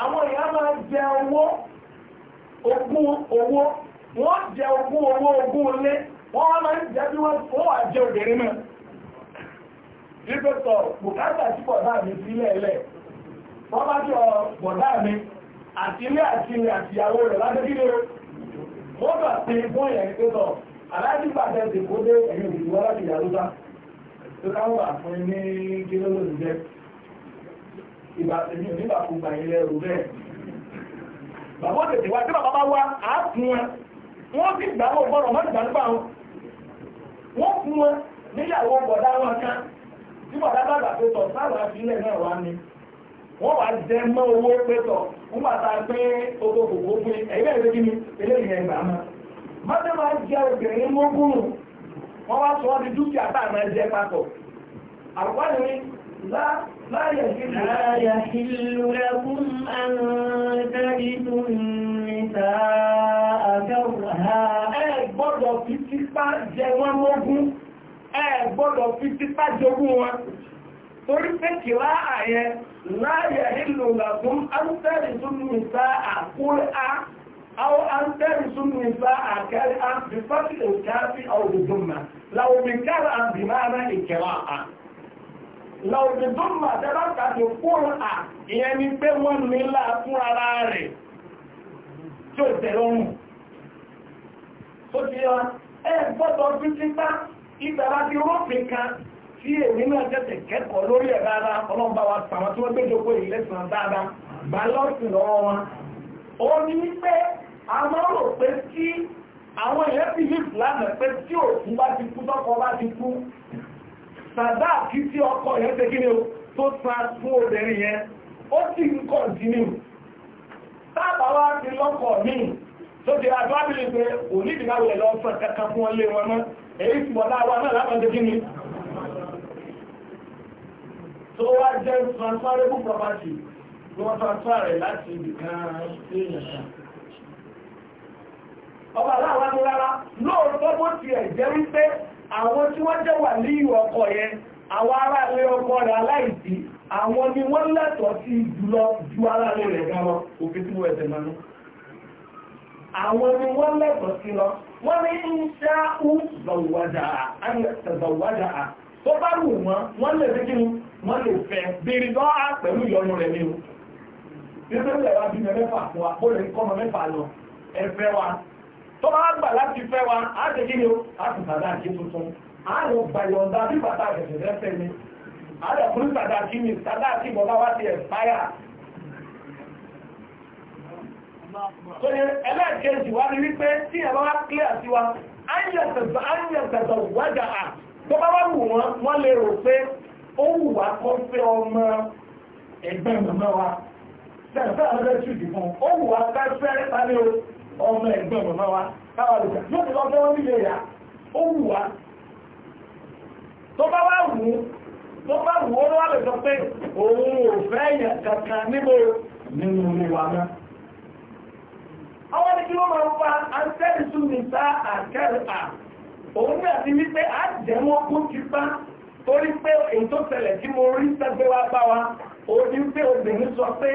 àwọn ìyá máa jẹ owó ogún owó wọ́n jẹ ogún owó ogún ilé wọ́n wá máa ń jẹ bí wọ́n ó wà jẹ obìnrin náà wípé sọ bùkátà tí bọ̀dá mi sílẹ̀ ẹlẹ̀ wọ́n bá jọ bọ̀dá mi àti ilé àti ilé àti ìyàwó rẹ̀ lágbẹ́gídé mọ́tò àti fún ẹ̀yẹ̀ wípé sọ aláàjì pàṣẹ ti kó dé ẹ̀yìn òbí wọ́n láti ìyàwó sá tó káwọn àfún ní kí ló lòdì jẹ́ ìbàtẹ̀mí onígbàkúgbà ilẹ̀ ẹ̀rù bẹ́ẹ̀. wá tí bàbá bá wá àápùn wọn, wọ́n sì gbàmọ́ wọ́n mọ́ ìgbà wọn. Wọ́n fún wọn níyàwó bọ̀dá wọn kan, tí bọ̀dá bá gbà pé tọ̀ náà wá Wọ́n wá jẹ mọ́ owó wọ́n pé ẹ̀rẹ́ kí لا يحل لكم أن تجدوا النساء كرها ẹgbọ́dọ̀ fi tipa jẹ wọn lógún ẹgbọ́dọ̀ fi tipa jogún wọn torí pé kìlá àyẹ láyé ìlú làkún áńtẹ́rì súnmù ìsá àkúrẹ́ á áwọ́ áńtẹ́rì súnmù ìsá àkẹ́rẹ́ á bí fásitì òkè á sí ọ̀rọ̀ ìdúnmà láwọn òmìnkẹ́rẹ́ àbìmára ìkẹ́rẹ́ àá lọ́wọ́dì dúnmà tẹ́bàkà tó fún à ìyẹn ni pé wọ́n ní ńlá fún ara rẹ̀ tí ó tẹ̀lọ́rùn tó ti yọ ẹ gbọ́dọ̀ bí títà ìbẹ̀rẹ̀ ti rọ́pì kan tí èmi náà tẹ̀tẹ̀ kẹ́kọ̀ọ́ lórí ẹ̀ dáadáa ọlọ́mbà wa tàwọn tí wọ́n gbé jókòó ìlẹ́sàn dáadáa gbà lọ́sìn lọ́wọ́ wọn ó ní pé a máa rò pé tí àwọn ìyẹ́bí yìí lánàá pé tí òkú bá ti kú tọ́kọ bá ti kú sàdá kí tí ọkọ yẹn ṣe kí ni o tó san fún obìnrin yẹn ó sì ń continue tábà wá ti lọ́kọ̀ míì tó ti ra tó ábìlì pé òní ìdíláwẹ̀ lọ sàn kankan fún ọlé wọn mọ́ èyí ti bọ̀dá wa náà lábàá ṣe kí ni tó wá jẹ́ transferable property ni wọ́n transfer rẹ̀ láti ibìkan sí ìyàtà ọba aláwọ̀ ní rárá lóòótọ́ bó tiẹ̀ jẹ́ wípé àwọn tí wọ́n jẹ́ wà ní ìwọ̀ ọkọ yẹn àwọn ará ilé ọkọ rẹ̀ aláìsí àwọn ni wọ́n lẹ́tọ̀ọ́ sí jùlọ ju ará ilé rẹ̀ gan wọn òfin tí mo ẹ̀sẹ̀ mọ́nú àwọn ni wọ́n lẹ́tọ̀ọ́ sí lọ wọ́n ní ń ṣáú zọ̀wọ́dà à tó bá wù wọ́n wọ́n lè fi kíni wọ́n lè fẹ́ bèrè lọ́wọ́ pẹ̀lú ìyọnu rẹ̀ ni o nítorí ẹ̀rọ abínú mẹ́fà fún tó bá gbà láti fẹ́ wa á ti kí ni ó á ti bàdá àti tuntun á lọ gbàyọ̀ǹda bí bàtà àgbẹ̀sẹ̀ fẹ́ mi á lọ fún sàdá kí mi sàdá kí bọ́lá wá ti ẹ̀fáyà tó yẹ ẹlẹ́ẹ̀kejì wá ní wípé tí ẹ̀rọ wá kílẹ̀ àti wa áyẹ̀sẹ̀sẹ̀ wájà à tó bá wá wù wọn wọ́n lè rò pé ó wù wá kọ́ fẹ́ ọmọ ẹgbẹ́ mọ̀mọ́ wa sẹ̀fẹ́ àwọn ẹgbẹ́ tù dì ọmọ ẹ̀gbọ́n màmá wa káwà lè yóò ti lọ fẹ́ wọ́n nílé ìyá ó wù wá tó bá wá wù ú tó bá wù ó lọ́wọ́ lè sọ pé òun ò fẹ́ ẹ̀yà kankan níbo nínú ilé wa náà àwọn ni kí wọ́n máa ń fa ancestry nìta àkẹ́rẹ́ à òun náà ti wípé á jẹ́mú ogún ti bá torí pé èyí tó ṣẹlẹ̀ tí mo rí sẹ́gbẹ́ wá bá wa òun ni pé obìnrin sọ pé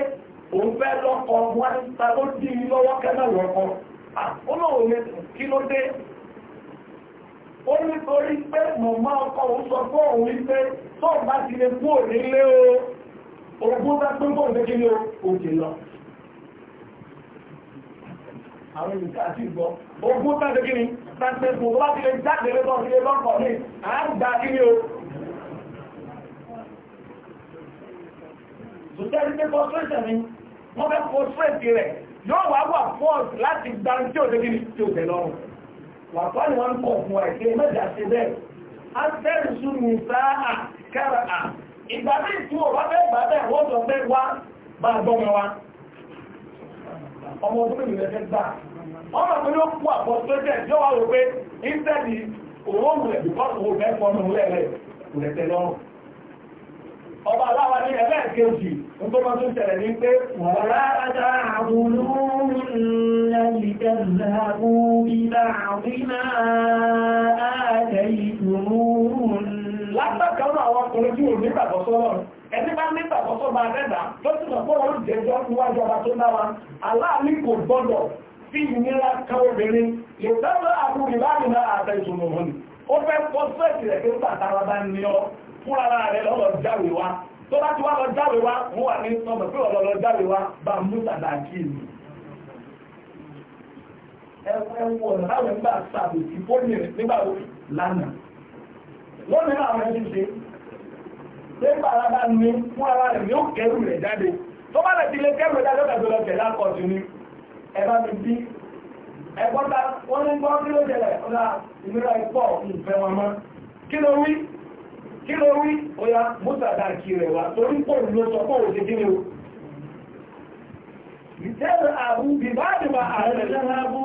òun fẹ́ lọ́kọ wọn ta ló dí i lọ́wọ́ kẹ́lá lọ́kọ olóòwò lè kí ló dé ó ní torí pé mọ̀mọ́ ọkọ òun sọ fún òun wípé tóun bá ti lè kú òní lé o ogún bá pín bóun lé kí ni òjè lọ àwọn ìlúkà àti ìgbọ́ ogún bá lè kí ni tàbí tó bá ti lè jáde lọ́kọ̀ sí lọ́kọ̀ ní à ń gba kí ni o Sùtẹ́rí pé frustration ni wọ́n fẹ́ kó sírèsì rẹ̀ yóò wá wà fọ́ọ̀sì láti gbarí tí ò lé kíni tí ò tẹ̀ lọ́rùn wà fọ́ ni wọ́n kọ̀ fún ẹ̀ pé mẹ́ta ṣe bẹ́ẹ̀ á tẹ́rù sún ní sáà kẹ́rà à ìgbà tí ìtú ò bá fẹ́ gbà bẹ́ẹ̀ wọ́n sọ pé wá bá gbọ́mọ wa ọmọ ọdún mẹ́rin lẹ́fẹ́ gbà ọmọ pé ló kú àpọ̀ sójẹ́ yóò wá wò pé íńtẹ́ẹ̀dì òun rẹ̀ bíkọ́ òun tó bá tún tẹ̀lẹ̀ ní pé wọ́lá àjá àbúrúnà ìjẹ̀lẹ̀bú bílá àwínà ààrẹ ìgbòrún látàkánà àwọn ọkùnrin tí ò ní pàtọ́sọ́rọ̀ ẹni bá ní pàtọ́sọ́ bá rẹ̀dà tó ti sọ̀pọ̀ wọn jẹjọ́ níwájú ọba tó dára aláàlí kò gbọ́dọ̀ sí ìnira kan obìnrin ìtẹ́lẹ̀ àbúrú ìbáàmìnà ààrẹ ìṣòro hàn ó fẹ́ pọ́ sẹ́ẹ̀tì rẹ̀ pé pàtàrà bá ní ọ fúnra rẹ̀ lọ́wọ́ jáwèé wá tó bá ti wá lọ jáwé wá mú wà ní ọmọ pé ọ̀lọ́ lọ jáwé wá bá mú tàbí àkíyèmí ẹwọ ọ̀nà láwọn nígbà sàbò tí ó ní nígbà lánàá wọ́n ní àwọn ẹni ṣe pé bàrá bá ní fún ara rẹ̀ ní ó kẹrù rẹ̀ jáde tó bá rẹ̀ ti lè kẹrù rẹ̀ jáde ọ̀gá lọ́kẹ̀ lákọ̀ọ́tù ni ẹ bá mi bí ẹgbọ́ta wọ́n ní gbọ́ kí ló jẹlẹ̀ ọ̀la ìnira ipò ìfẹ́ wọn mọ́ kí ló wí kí ló rí ọya mọ́tàdá kí rẹ̀ wá torí pọ̀ ló sọ pọ̀ òṣè kí ni o ìtẹ́rẹ̀ àbú bí bá ti wà ààrẹ lẹ́gbàbú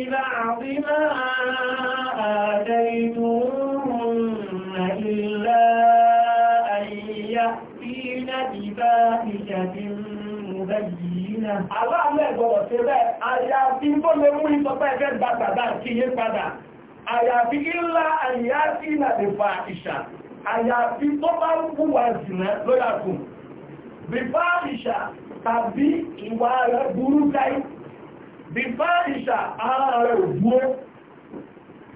ilá àbílá ààrẹ ìtò ilá àyíyá ilá ìbá ìjàdí mọ̀bẹ̀yìnà aláàmẹ́ gbọ́dọ̀ ṣe bẹ́ẹ̀ àyàfi tó lè mú ìsọpẹ́ ẹgbẹ́ gbàgbàgbà kí yé padà àyàfi ilá àyíyá sí ìlàdìfà ìṣà àyàfi tó bá wùwà ìsìnà lóyàkùn bífá ìṣà tàbí ìwà rẹ̀ burú jáì bífá ìṣà ara rẹ̀ òbúrò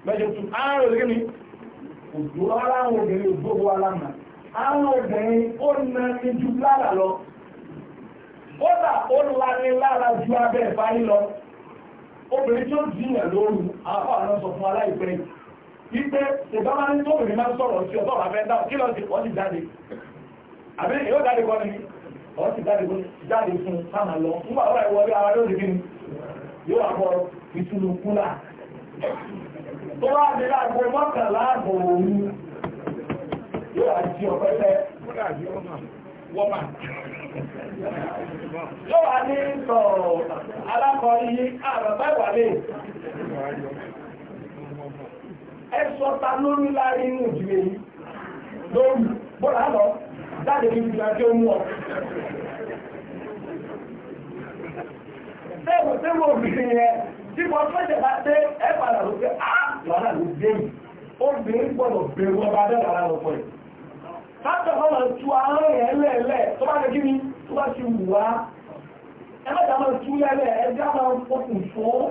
mẹ́jọ̀tún ara rẹ̀ ní òbúrò ara àwọn obìnrin òbúrò alámà àwọn obìnrin ó na ní ju lára lọ ó dà ó lani lára ju abẹ́ ìfáyí lọ obìnrin tó jìnà lóru àwọn àwọn sọ fún aláìpẹ́ wípé ìbára ní tó rìn ma sọ̀rọ̀ sí ọ̀tọ̀ àfẹ́ dá kí lọ sí wọ́n ti jáde àbí yóò jáde kọ́ ni wọ́n ti jáde fún sáàmà lọ nígbà ọ̀rọ̀ ara lórí bí yóò kúlà tó wá mọ́kànlá àbò òru yóò yóò ní sọ̀rọ̀ ẹ̀ṣọ́ ta lórí láàrin inú ìdílé yìí lórí bọ́lá lọ jáde ní ìgbà tí ó mú ọ. Ṣé ìwòsàn wo obìnrin yẹn tí mo fẹ́jẹ̀ bá dé ẹ padà ló pé á ah, wàhálà ló dé yìí. Obìnrin gbọ́dọ̀ bẹ̀rù ọba dẹ́gbà lára ọ̀pọ̀ yìí. Káàtọ̀ kan máa tu ahọ́n yẹn lẹ́ẹ̀lẹ́ tó bá lè kí ni tó bá ti wù wá. Ẹ má dá tu tú lẹ́lẹ́ ẹ já máa fọkùn fún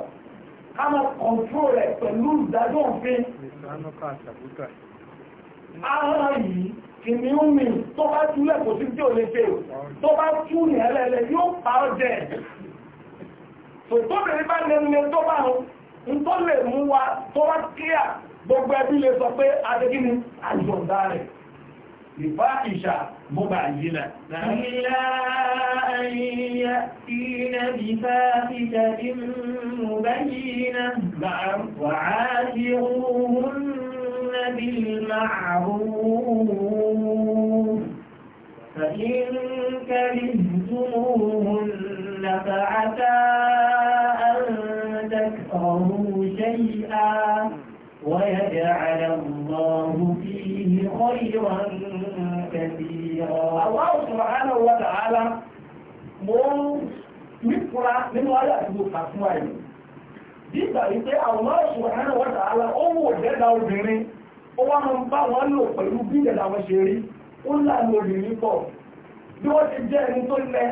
ká máa kọ̀ǹtró rẹ̀ pẹ̀lú ìdájọ́ òfin. ara yìí kìmí ń mi tó bá túlẹ̀ kò sí tí ò lè ṣe tó bá tú ní ẹlẹ́lẹ́ yóò pa ọ́ jẹ tòtóbìnrin bá lẹ́nu lè tó bá ń tó lè mú wa tó bá kíyà gbogbo ẹbí lè sọ pé adégíní àjọ̀dá rẹ̀ بفاحشة مبينة نعم. إلا أن يأتين بفاحشة مبينة نعم وعاشروهن بالمعروف فإن كرهتموهن فعسى أن تكرهوا شيئا ويجعل الله فيه خيرا كثيرا الله سبحانه وتعالى mo ní fura nínú ayé àti mo kà fún àyè nígbà wípé àwọn ọ̀ṣùwọ̀n àwọn ọ̀tàlá ó wò dẹ́dà obìnrin ó wá ń bá wọn lò pẹ̀lú bí dẹ̀dà wọn ṣe rí ó lànà obìnrin pọ̀ bí wọ́n ti jẹ́ ẹni tó lẹ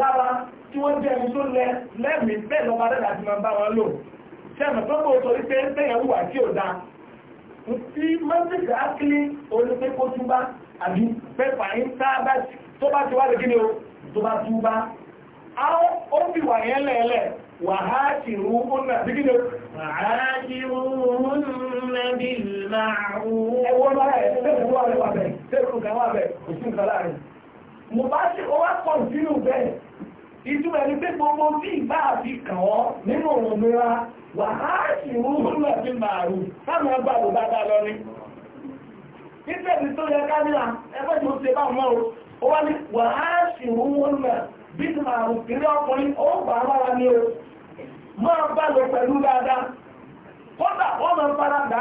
lára tí wọ́n jẹ́ ẹni tó lẹ lẹ́mìí bẹ́ẹ̀ lọ́ba dẹ́dà ti máa bá wọn lò sẹ́mi tó kó torí pé bẹ́ẹ̀ wù àti òdà tí mọ́tìkì ákílì olùpẹ́kọ́ tún bá àbí pẹ́pà ń sáábà tó bá ti wá lè gíní o tó bá tú bá ó fi wà yẹn lẹ́ẹ̀lẹ̀ wà á ti rú ó nà sí gíní o mo bá ṣe ọwá kọ̀ǹtínú bẹ́ẹ̀ ìtumọ̀ ẹni pé gbogbo tí ìgbà àti kàn ọ́ nínú òmìnira wà á sì rú ó nà sí màrú sáàmù agbáàrù dáadáa lọ ní títẹ̀ ní tó yẹ aka ẹgbẹ́ tí ó ṣe bá mọ́ o ó wá ní wà á sì rú wọn mẹ́ bí ti máa rùn o máa bá lọ pẹ̀lú dáadáa kódà ó máa fara dà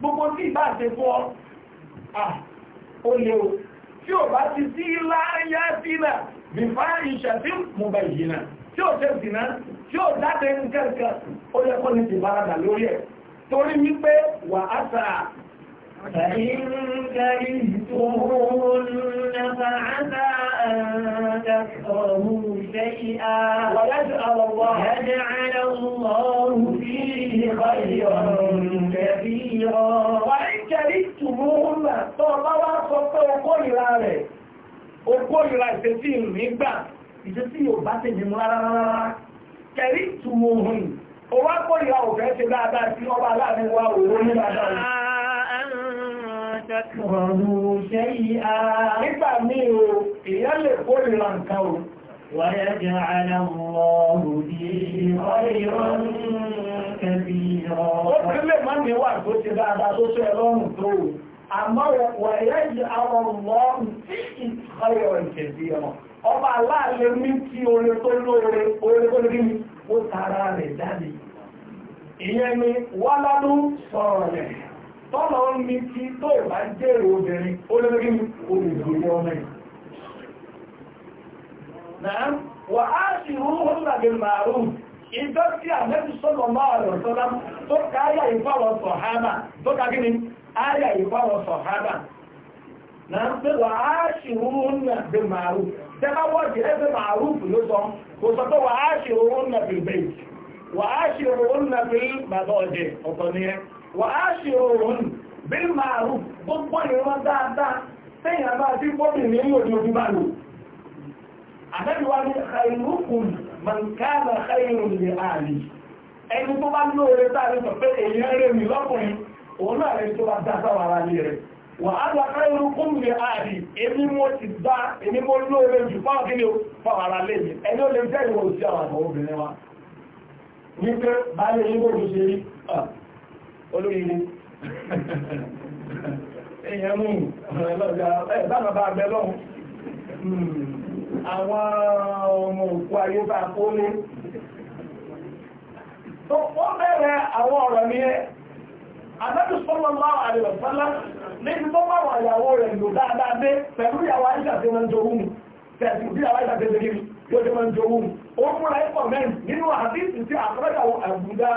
gbogbo tí ìbá fún ọ ó o tí ò bá ti sí láyá sílẹ̀ bí fá ìṣẹ̀tí mú bá yìí náà tí sí náà tí ó yẹ ní ti bára dà lórí ẹ̀ wà á فإن كرهتموهن فعسى أن تكرهوا شيئا ويجعل الله يجعل الله فيه خيرا كثيرا وإن كرهتموهن tọ́ọ̀bá wá sọ pé okórìíra rẹ̀ okórìíra ìṣesí ìrìngbà ìṣesí yóò bá tèmi mú rárá rárá kẹrí ìtumọ̀ ohun ò wá kórìíra òfẹ́ ṣe dáadáa sí ọba aláàrin wa òwò ní dáadáa تكرهوا شيئا nígbà míì o èèyàn lè nǹkan o ويجعل الله به خيرا كثيرا ó lè má ní wà tó ti dáadáa tó ṣe lọ́rùn tó ويجعل الله به خيرا كثيرا ọba aláàlẹ́ ní tí oore tó lóore oore ó tara rẹ̀ jáde ìyẹn ni wọ́n lọ́dún sọ̀rọ̀ rẹ̀ tọ́lọ ní kí tó ìbá jèrè obìnrin ó lórí olùgbòrò ọmọ ẹ̀ wà á sì rú màárùn ìjọ sọ́lá tó sọ̀hábà tó áyà sọ̀hábà wà á ṣe òòrùn bí màárù gbogbo ìran dáadáa tẹ́yìn àbá tí gbọ́bì ní ìlú ojú bá lò àbẹ́bíwá ní khairukum man kana khairun li ali ẹni tó bá lóore táàrí sọ pé èyí rẹ̀ mi lọ́kùnrin òun náà rẹ̀ tó bá dá sáwà ara ní rẹ̀ wà á lọ khairukum li ali èmi mo ti dá èmi mo lóore jù fáwọn kí ni ó fáwọn ara lè mi ẹni ó lè jẹ́ wa wípé bá lè yí olórí mu èèyàn mú báwọn bá bẹ lọ́hùn àwọn ọmọ òkú ayé bá kó lé tó ó bẹ̀rẹ̀ àwọn ọ̀rọ̀ ní ẹ́ Àdájú sọ́lọ́lá àdìlọ̀sọ́lá níbi tó báwọn ìyàwó rẹ̀ lò dáadáa dé pẹ̀lú ìyàwó àìsàtí wọn jọ ohun tẹ̀sí bí àwọn àìsàtí ẹgbẹ̀ kiri yóò jẹ́ wọn jọ ohun. Ó múra ẹ̀kọ́ mẹ́rin nínú àdíṣì tí àkọ́rẹ́gbàwọ̀ àbúdá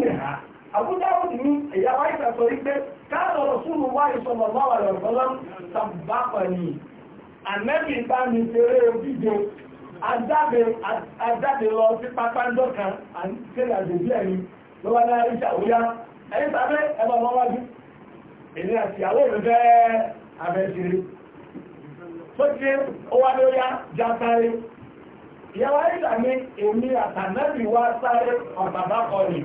ìhà àbúdáwùd ní ẹ̀yà wáyíta sọ wípé káàkọ̀ rọ̀súnmù wáyé sọ mọ̀ máa rẹ̀ ọ̀gọ́lọ́m tàbápọ̀ ní àmẹ́bí bá mi tẹ́rẹ òdíje ajáde lọ sí pápándọ́ kan àtẹ́lẹ̀ àjèjì ẹ̀yìn ló wá náà ríṣà òyá ẹ̀yìn tàbí ẹbà ọmọ wájú èyí àti àwọn òrùfẹ́ abẹ́sìrì tó ti ó wá lóyá játáré ìyàwó àyíká ní èmi àtànẹ́bì wá sáré ọ̀bàbá kọrin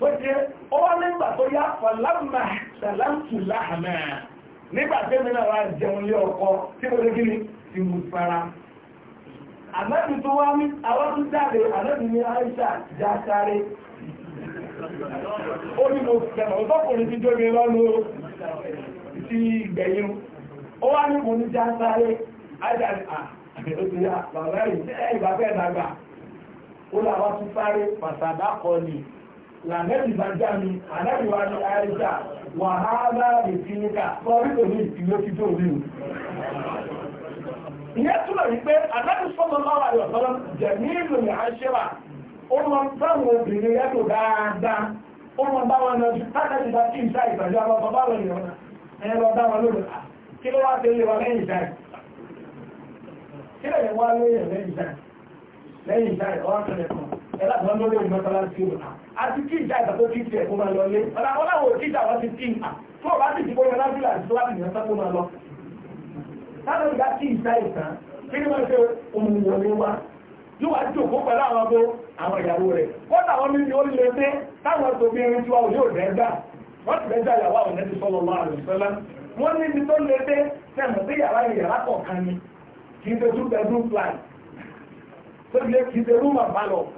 tó jẹ́ ọwọ́ nígbà tó yá fàlámà sàlámù nígbà tí mi náà jẹun lé ọkọ tí mo lè ti mú fara àmẹ́bí tó wá ní àwọn tó jáde àmẹ́bí ní Aisha já sáré ó ní mo fẹ̀mọ̀ ọ̀tọ́kùnrin ti jóge lọ́nu ti gbẹ̀yìn ó wá ní mo ní já sáré Aisha ó làwọn sáré pàtàkì la bá já mi àdáyíwá ní àìsà wàhálà ìfìníkà sọ́rí òní ìlú ti tó rí o ìyẹn túnbọ̀ wípé àdáyí sọ́mọ máa wà lọ́sọ́lọ́ jẹ̀mí ìlú ní àṣẹ́wà ó mọ báwọn obìnrin dáadáa ó mọ báwọn náà ju bá kí n sá àwọn ni ọ̀nà lọ bá wọn kí ló wá lẹ́yìn ìsáì kí lẹ́yìn wá lẹ́yìn ìsáì lẹ́yìn àti kí ìjà ìgbà tó kí tiẹ̀ kó máa lọ lé ọ̀dà wọn láwọn òkè ìjà wọn ti kí ìgbà tó bá sì ti bóyá lábílà àti láti ìyàn sá kó máa lọ. táwọn ìgbà kí ìjà ìgbà kí ni wọ́n ṣe ohun wọlé wa yóò wá jòkó pẹ̀lú àwọn ọgbó àwọn ìyàwó rẹ̀ kọ́tà wọn ní ó lè dé táwọn tòbí irin tí wa ò yóò rẹ̀ gbà wọ́n ti rẹ̀ gbà àwọn ẹni sọ́lọ́ lọ́wọ́ àrùn sọ́lá wọ́n ní ibi tó lè dé sẹ́mọ̀ sí yàrá yàrá kọ̀ọ̀kan ni kì í ṣe two bedroom flat tó lè kì í ṣe room and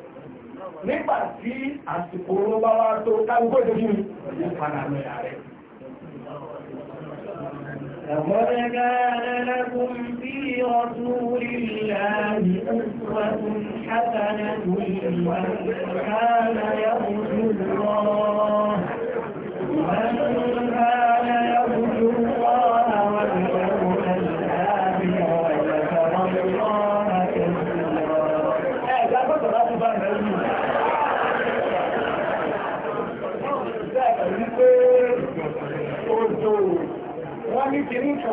nígbà tí àsìkò oró bá wá tó kágbó ìdójú ìpadà lọ́yà rẹ̀. لقد كان لكم في رسول الله أسوة حسنة لمن كان يرجو الله ومن كان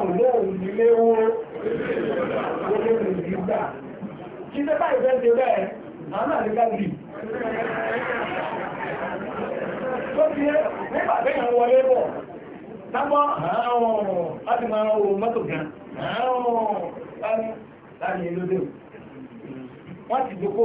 olóòrùn nílé owó olóòrùn nígbà kí tẹ́ báyìí fẹ́ ṣe bẹ́ẹ̀ àwọn àríkà bì tó ti yẹ nígbà tẹ́yàn wọlé bọ̀ tábọ́ àwọn láti máa ń wo mọ́tò gan àwọn láti wọ́n ti dókó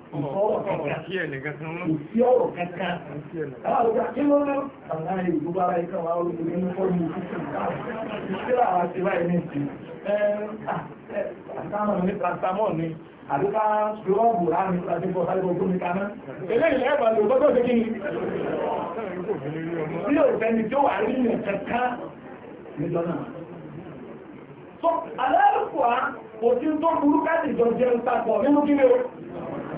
ìfọ́rọ̀ kankan àwọn ọ̀gá kí ló rẹ̀ àwọn ààrẹ ìgbó bára ikọ̀ àwọn olùgbé ní fọ́ọ̀mù ìfúnṣùn ìṣẹ́lá àwọn àti láì ní ti ẹ̀ẹ́n ní transtamọ́ ni àdúgbà ṣùgbọ́ọ̀bù láàrin ìpàdébọ̀ sárébọ̀ gómi kaná eléyìí ẹ̀bà lò gbọ́dọ̀ sí kí ni tí ò fẹ́ni tí ó wà rí ilẹ̀ kankan níjọ́nà so alárùkù á kò tí ń tó burúkú láti jọ jẹun papọ̀ nínú kí ni o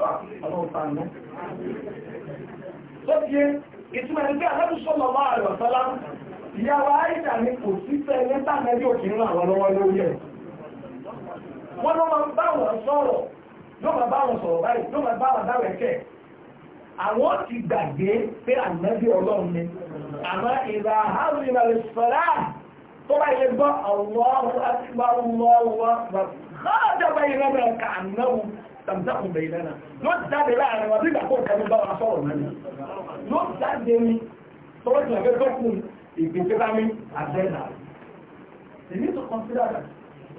ọlọ́ọ̀tánú tó díẹ̀ ìtumẹ̀ ní pé àlẹ́bùsọ́lọ̀ wà àrẹ̀ọ̀tọ́lá ìyàwó àìjà ni kò sí fẹ́ẹ̀lẹ́ tàbí òkè ń ràn lọ́wọ́ lórí ẹ̀ wọ́n ló máa bá wọn sọ̀rọ̀ yóò máa bá wọn sọ̀rọ̀ báyìí yóò máa bá ti tàbí bẹ̀rẹ̀ lẹ́nà yóò jáde láàrin wọn nígbà tó kẹ́lú bá wọn sọ̀rọ̀ mẹ́rin yóò jáde ní tọ́wọ́ tí wọ́n fẹ́ tó kún ìgbésẹ́dámi àjẹ́dà you need to consider that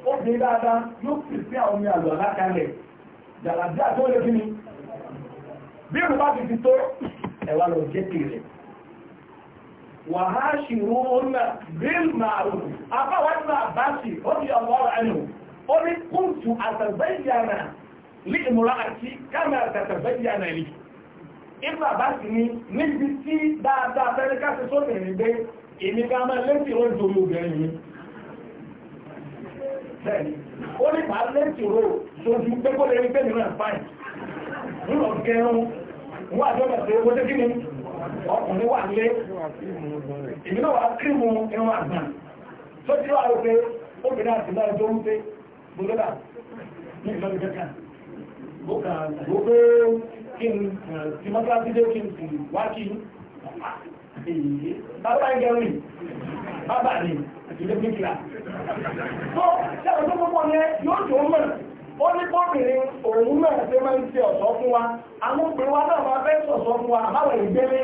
ó bí dáadáa yóò fi sí àwọn omi àlọ́ alákalẹ̀ jàlàjá tó lè kíni bí ìlú bá ti fi tó ẹ̀wà lọ jẹ́ pè rẹ̀ wàhálà ṣìrò ọ̀nà bíl màrún afáwájú àbáṣì ó ní ọmọ ọ̀rọ̀ ẹnu ó ní kúùtù àtàgbẹ́ ìyànà lé ìmúra àti kámẹ́rà tẹ̀tẹ̀ fẹ́ di àná ìlú ìgbà bá sì ní níbi tí dáadáa fẹ́rẹ́ ká ṣe sóbì ní gbé èmi ká máa lẹ́sì ó ń dorí obìnrin mi bẹ́ẹ̀ni ó ní bá lẹ́sì ó dojú pé kó lè rí pé mìíràn fáìn nínú ọ̀gẹ́rún wọ́n àjọ́bẹ̀ pé ó tẹ́ kí ni ọkùnrin wà lé ìmìnà wà kírìmù ẹran àgbà tó tí ó wà rò pé obìnrin àti náà tó ń pé gbogbo gbogbo kí n eh, ti mọ́sálásí dé kí n sì wá kí èyí bàbá ìgẹ̀rin bàbá ni ìdílé pínkìlá tó ṣẹ́gun tó púpọ̀ yẹn yóò tó mọ̀ ó ní bọ́bìnrin òun náà ṣe máa ń ṣe ọ̀ṣọ́ fún wa àwọn obìnrin wa náà máa fẹ́ ṣọ̀ṣọ́ fún wa àbáwọ̀ ìgbélé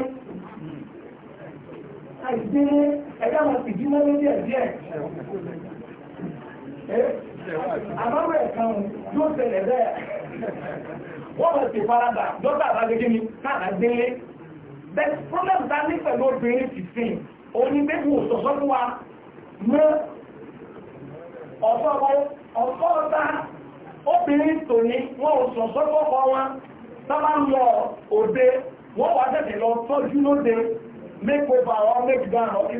àìgbélé ẹ̀dá máa sì dínà ní díẹ̀ díẹ̀ àbáwọ̀ ẹ̀kan yóò ṣẹlẹ̀ bẹ́ẹ̀ wọ́n mọ̀ sí farada lọ́tà àbájẹ́ kí ni káàdà problem ta ní pẹ̀lú obìnrin ti sìn òní fún wa mú obìnrin tòní wọ́n ò fọ́kọ́ wọn sábà ń lọ òde wọ́n wá tẹ̀sẹ̀ lọ tọ́jú lóde make over or make down or ti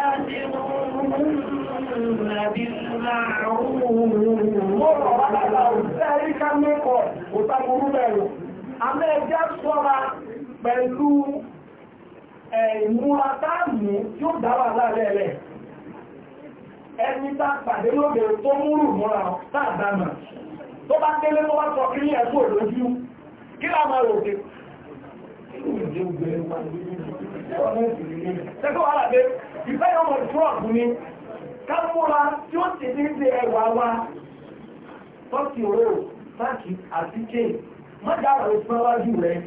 àmọ́ ẹjẹ́ sọ́ra pẹ̀lú ìmúra táàmù tí ó dáwà láàrẹ̀lẹ̀ ẹni tá pàdé lóde tó múrù múra táàdánà tó bá délé tó bá sọ kí ní ẹ̀kú òlójú kí láàmà òkè ìfẹ́ ọmọ ìfúrọ̀kù ni ká múra tí ó ti ní ẹwà wa tọ́kì oró táàkì àti kéèkì má dára rẹ̀ fún ọwájú rẹ̀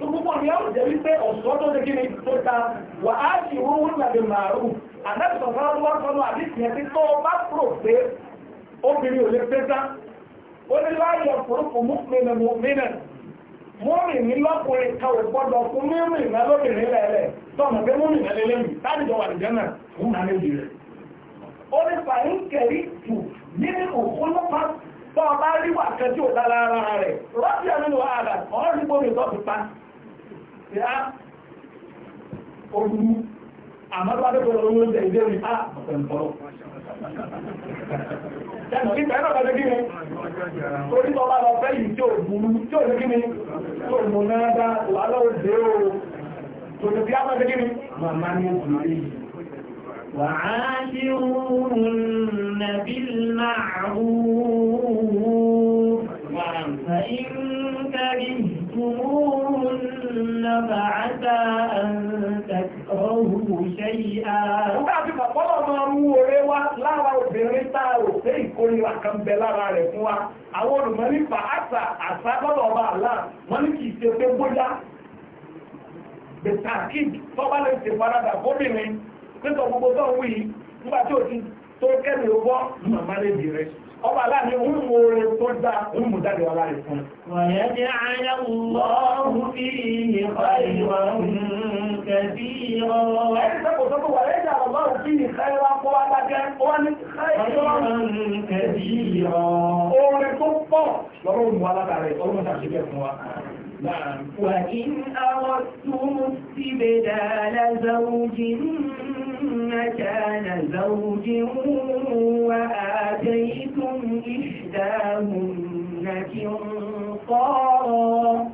tó púpọ̀ ní ọ̀rọ̀ jẹ́ wípé ọ̀sọ́ tó lè kíni tó ta wà á sì rú wúlò àti màrú àdáṣọ fún ọwọ́ sọ́nù àdìsí ẹ̀ tí tó bá púrò pé obìnrin ò lè pé tán ó ní láàyè ọ̀pọ̀lọpọ̀ múpinnu múmínà múrin ní lọ́kùnrin kan ò gbọ́dọ̀ fún mímìn náà lóbìnrin lẹ́lẹ̀ tọ́mọ̀ pé múrin náà lélẹ́mì láti jọ wà nìjẹ́ náà fún náà lè jù rẹ̀ ó ní fàyín kẹrí tù nínú òkú bọ́ ọba rí wà kan tí ò dára ara rẹ̀ rọ́bì ẹ̀mínú ààrẹ ọ̀rọ̀ nígbò mi tọ́ fi pa ya olú àmọ́tọ́wádé tó lọ́wọ́ oúnjẹ ìdé mi á ọ̀pẹ̀ ńpọ̀rọ̀ ẹnu ìgbà بالمعروف kan bẹ lára rẹ̀ fún wa àwọn olùmọ̀ nípa àṣà àṣà lọ́dọ̀ ọba àlá wọ́n ní kìí ṣe pé bóyá betakid tọ́ba lè ṣe farada fóbìnrin pé sọ gbogbo tó ń wí nígbà tí ò ti tó kẹ́lẹ̀ owó màmá lè rẹ̀ sí ọba aláàrin ohun mo rẹ̀ tó dá ohun mo jáde wọlá rẹ̀ fún wọ̀nyẹ́dẹ́ ayáwùlọ́rùn bí ìyẹ̀kọ́ ìwà kẹbí ọ̀rọ̀ ẹ̀rí sẹ́kọ̀ọ́ sọ́kọ̀ wà lẹ́yìn àwọn ọlọ́run bí ìkẹ́rẹ́ wá kọ́ wá ní kẹ́bí ọ̀rọ̀ tó pọ̀ lọ́rọ̀ òun wá látàrí مكان زوج وآتيتم إحداهن كنطارا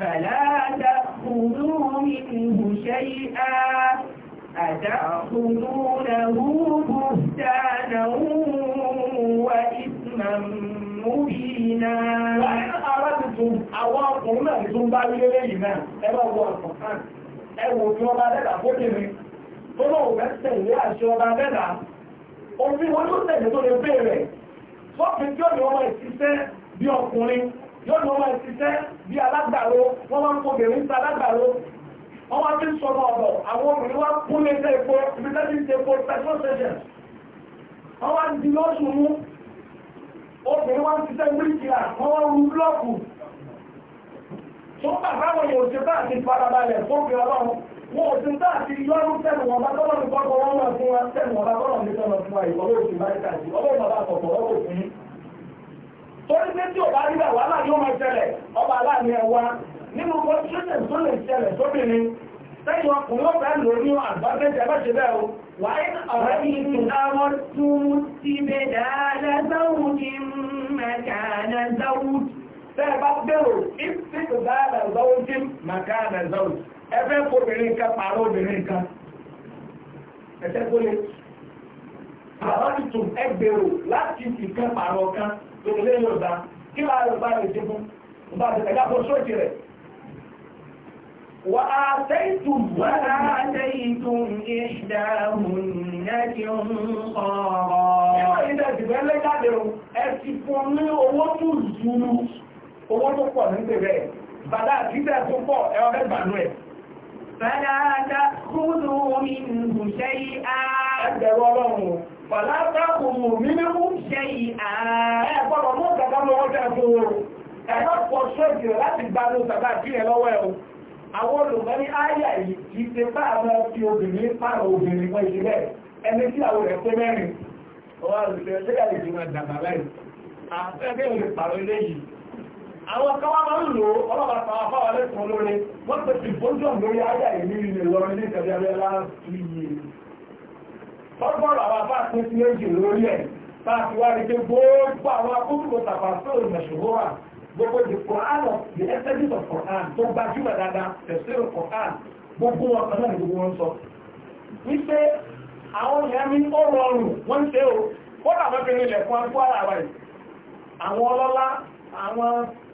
فلا تأخذوا منه شيئا أتأخذونه بهتانا وإثما مبينا وإن أردتم أواكم أنتم بالغين أبا الله سبحانه أبو جمع لك أبو tó lóun fẹ́ tẹ̀lé àṣẹ ọba mẹ́ta òfin wọn ló tẹ̀lé tó lè bèèrè sọ́fin tí ó ní ọmọ ìṣiṣẹ́ bí ọkùnrin yóò ní ọmọ ìṣiṣẹ́ bí alágbàro wọ́n wá ń kó obìnrin sí alágbàro wọ́n wá fi ń sọ ọmọ ọ̀dọ̀ àwọn obìnrin wá kú lé ilé epo ibi tẹ́lẹ̀ ti epo petrol station wọ́n wá ń di lọ́sùn mú obìnrin wá ń ṣiṣẹ́ wíìkì à wọ́n wá ń ru búlọ́ọ̀kù tó ń bàbá wọn yóò ṣe bá àti farabalẹ̀ tó fi ti ń àti yọ́rù tẹnu wọn bá tọ́lọ́ ní kọ́kọ́ wọn wọn fún wa tẹnu wọn bá ní tọ́lọ́ fún wa òsì máa ń kà sí bàbá àkọ́kọ́ torí tẹ́ẹ̀ bá gbèrò ìsìnkú dáadáa zọ́wọ́jí màkàdà zọ́wọ́jí ẹfẹ́ kóbìnrin kan pààrọ̀ obìnrin kan ẹ̀tẹ́ kó lè àbájútù ẹgbèrò láti ìkan pààrọ̀ kan lórílẹ̀ yóò dá kí láàá lọ bá lè ṣe fún bá ti ẹ̀dá fún sóòtì rẹ̀ وآتيتم وآتيتم إحداهن قنطارا. Ìwọ̀n ìdájìbẹ́lẹ́jáde ẹ̀sìn fún ní owó tó zùlù owó tó pọ̀ ní pè bàdá àtìsẹ́ tó pọ̀ ẹwà mẹ́gbà nú ẹ̀. Bàdá àtà kúrò mi nù yí á. Ẹgbẹ̀rún ọlọ́run. Bàdá àtà kúrò mi yí á. Ẹ gbọ́dọ̀ mú kàkà ẹni tí àwọn rẹ̀ mẹ́rin. Ọwọ́ àlùfẹ́ ṣẹ́yà lè fi máa dàgbà láì. Àfẹ́ bẹ́ẹ̀ lè pààrọ̀ eléyìí àwọn kan wá máa ń lò ọlọ́pàá pàwọn fáwọn lẹ́sùn olóore wọ́n pè sí bójọ́ lórí ajá ìlú ilẹ̀ lọ́rin ní ìtẹ̀lẹ́ abẹ́ láti yìí fọ́gbọ́n àwọn afá pín sí méjì lórí ẹ̀ tá a ti wá rí pé gbogbo àwọn akókò tàbá sóòrò mẹ̀ṣòwòrà gbogbo the Quran the essence of Quran tó gbajúmọ̀ dáadáa tẹ̀sílò Quran gbogbo wọn kan náà ni gbogbo wọn sọ wípé àwọn èèyàn mi ó rọrùn wọ́n ń ṣe o kódà mọ́kànlélẹ̀ fún agbó àràbà yìí àwọn ọlọ́lá àwọn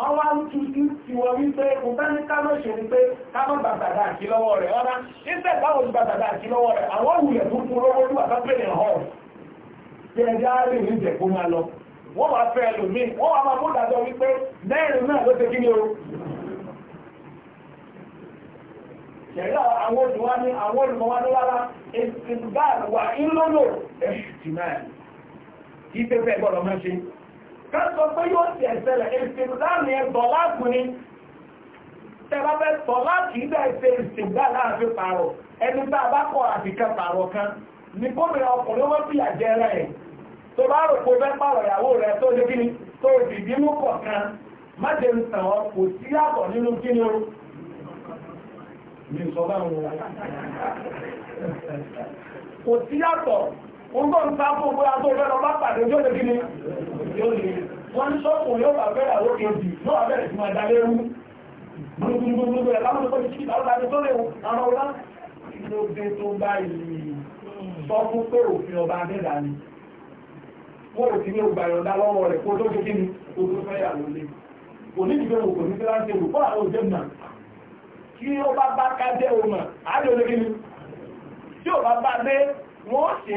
wọ́n wá ń tuntun ti wọ́n wípé ọ̀bẹ́ni kánò ṣe wípé kánò gbàgbàgbà àti lọ́wọ́ rẹ̀ ọ̀nà ìṣẹ́ báwọn gbàgbàgbà àti lọ́wọ́ rẹ̀ àwọn òwúlẹ̀ tó kú lọ́wọ́ tó wà tó pè ní hall ní ìjẹ̀kú lọ wọ́n wá fẹ́ ẹlòmíì wọ́n wá máa mú dájọ́ wípé mẹ́rin náà ló ṣe kí ni o kẹ́sọ pé yóò ti ẹ̀sẹ̀lẹ̀ ìsìndáàmì ẹ̀tọ̀ lákùnrin tẹ́bá fẹ́ tọ̀ láti ilẹ̀ ẹ̀sẹ̀ ìsìndáà láàfin pààrọ̀ ẹni tá a bá kọ̀ àfikẹ́ pààrọ̀ kan ní gómìnà ọkùnrin wọ́n fi àjẹ́ rẹ̀ ẹ̀ tó bá rò pé fẹ́ pààrọ̀ ìyàwó rẹ̀ tó ní kíni tó ti bínú kọ̀ọ̀kan má jẹ́ ń tàn ọ́ kò sí yàtọ̀ nínú kíni o mi sọ báwọn kò sí yàtọ̀ ń gbọ́n sá fún bóyá tó fẹ́ lọ bá pàdé yóò lè kíni yóò lè wọ́n ní sọ́ọ̀pù yóò bá fẹ́ àwọn kejì yóò wà bẹ̀rẹ̀ sí máa dalé rú gbogbogbogbo ẹ̀ láwọn olùkọ́ ìṣíkì láwọn tàbí tó lè àwọn ọlá ló tó báyìí sọ fún pé òfin ọba adẹ́dà ni wọ́n ò sí ó bá bá dé wọ́n ṣe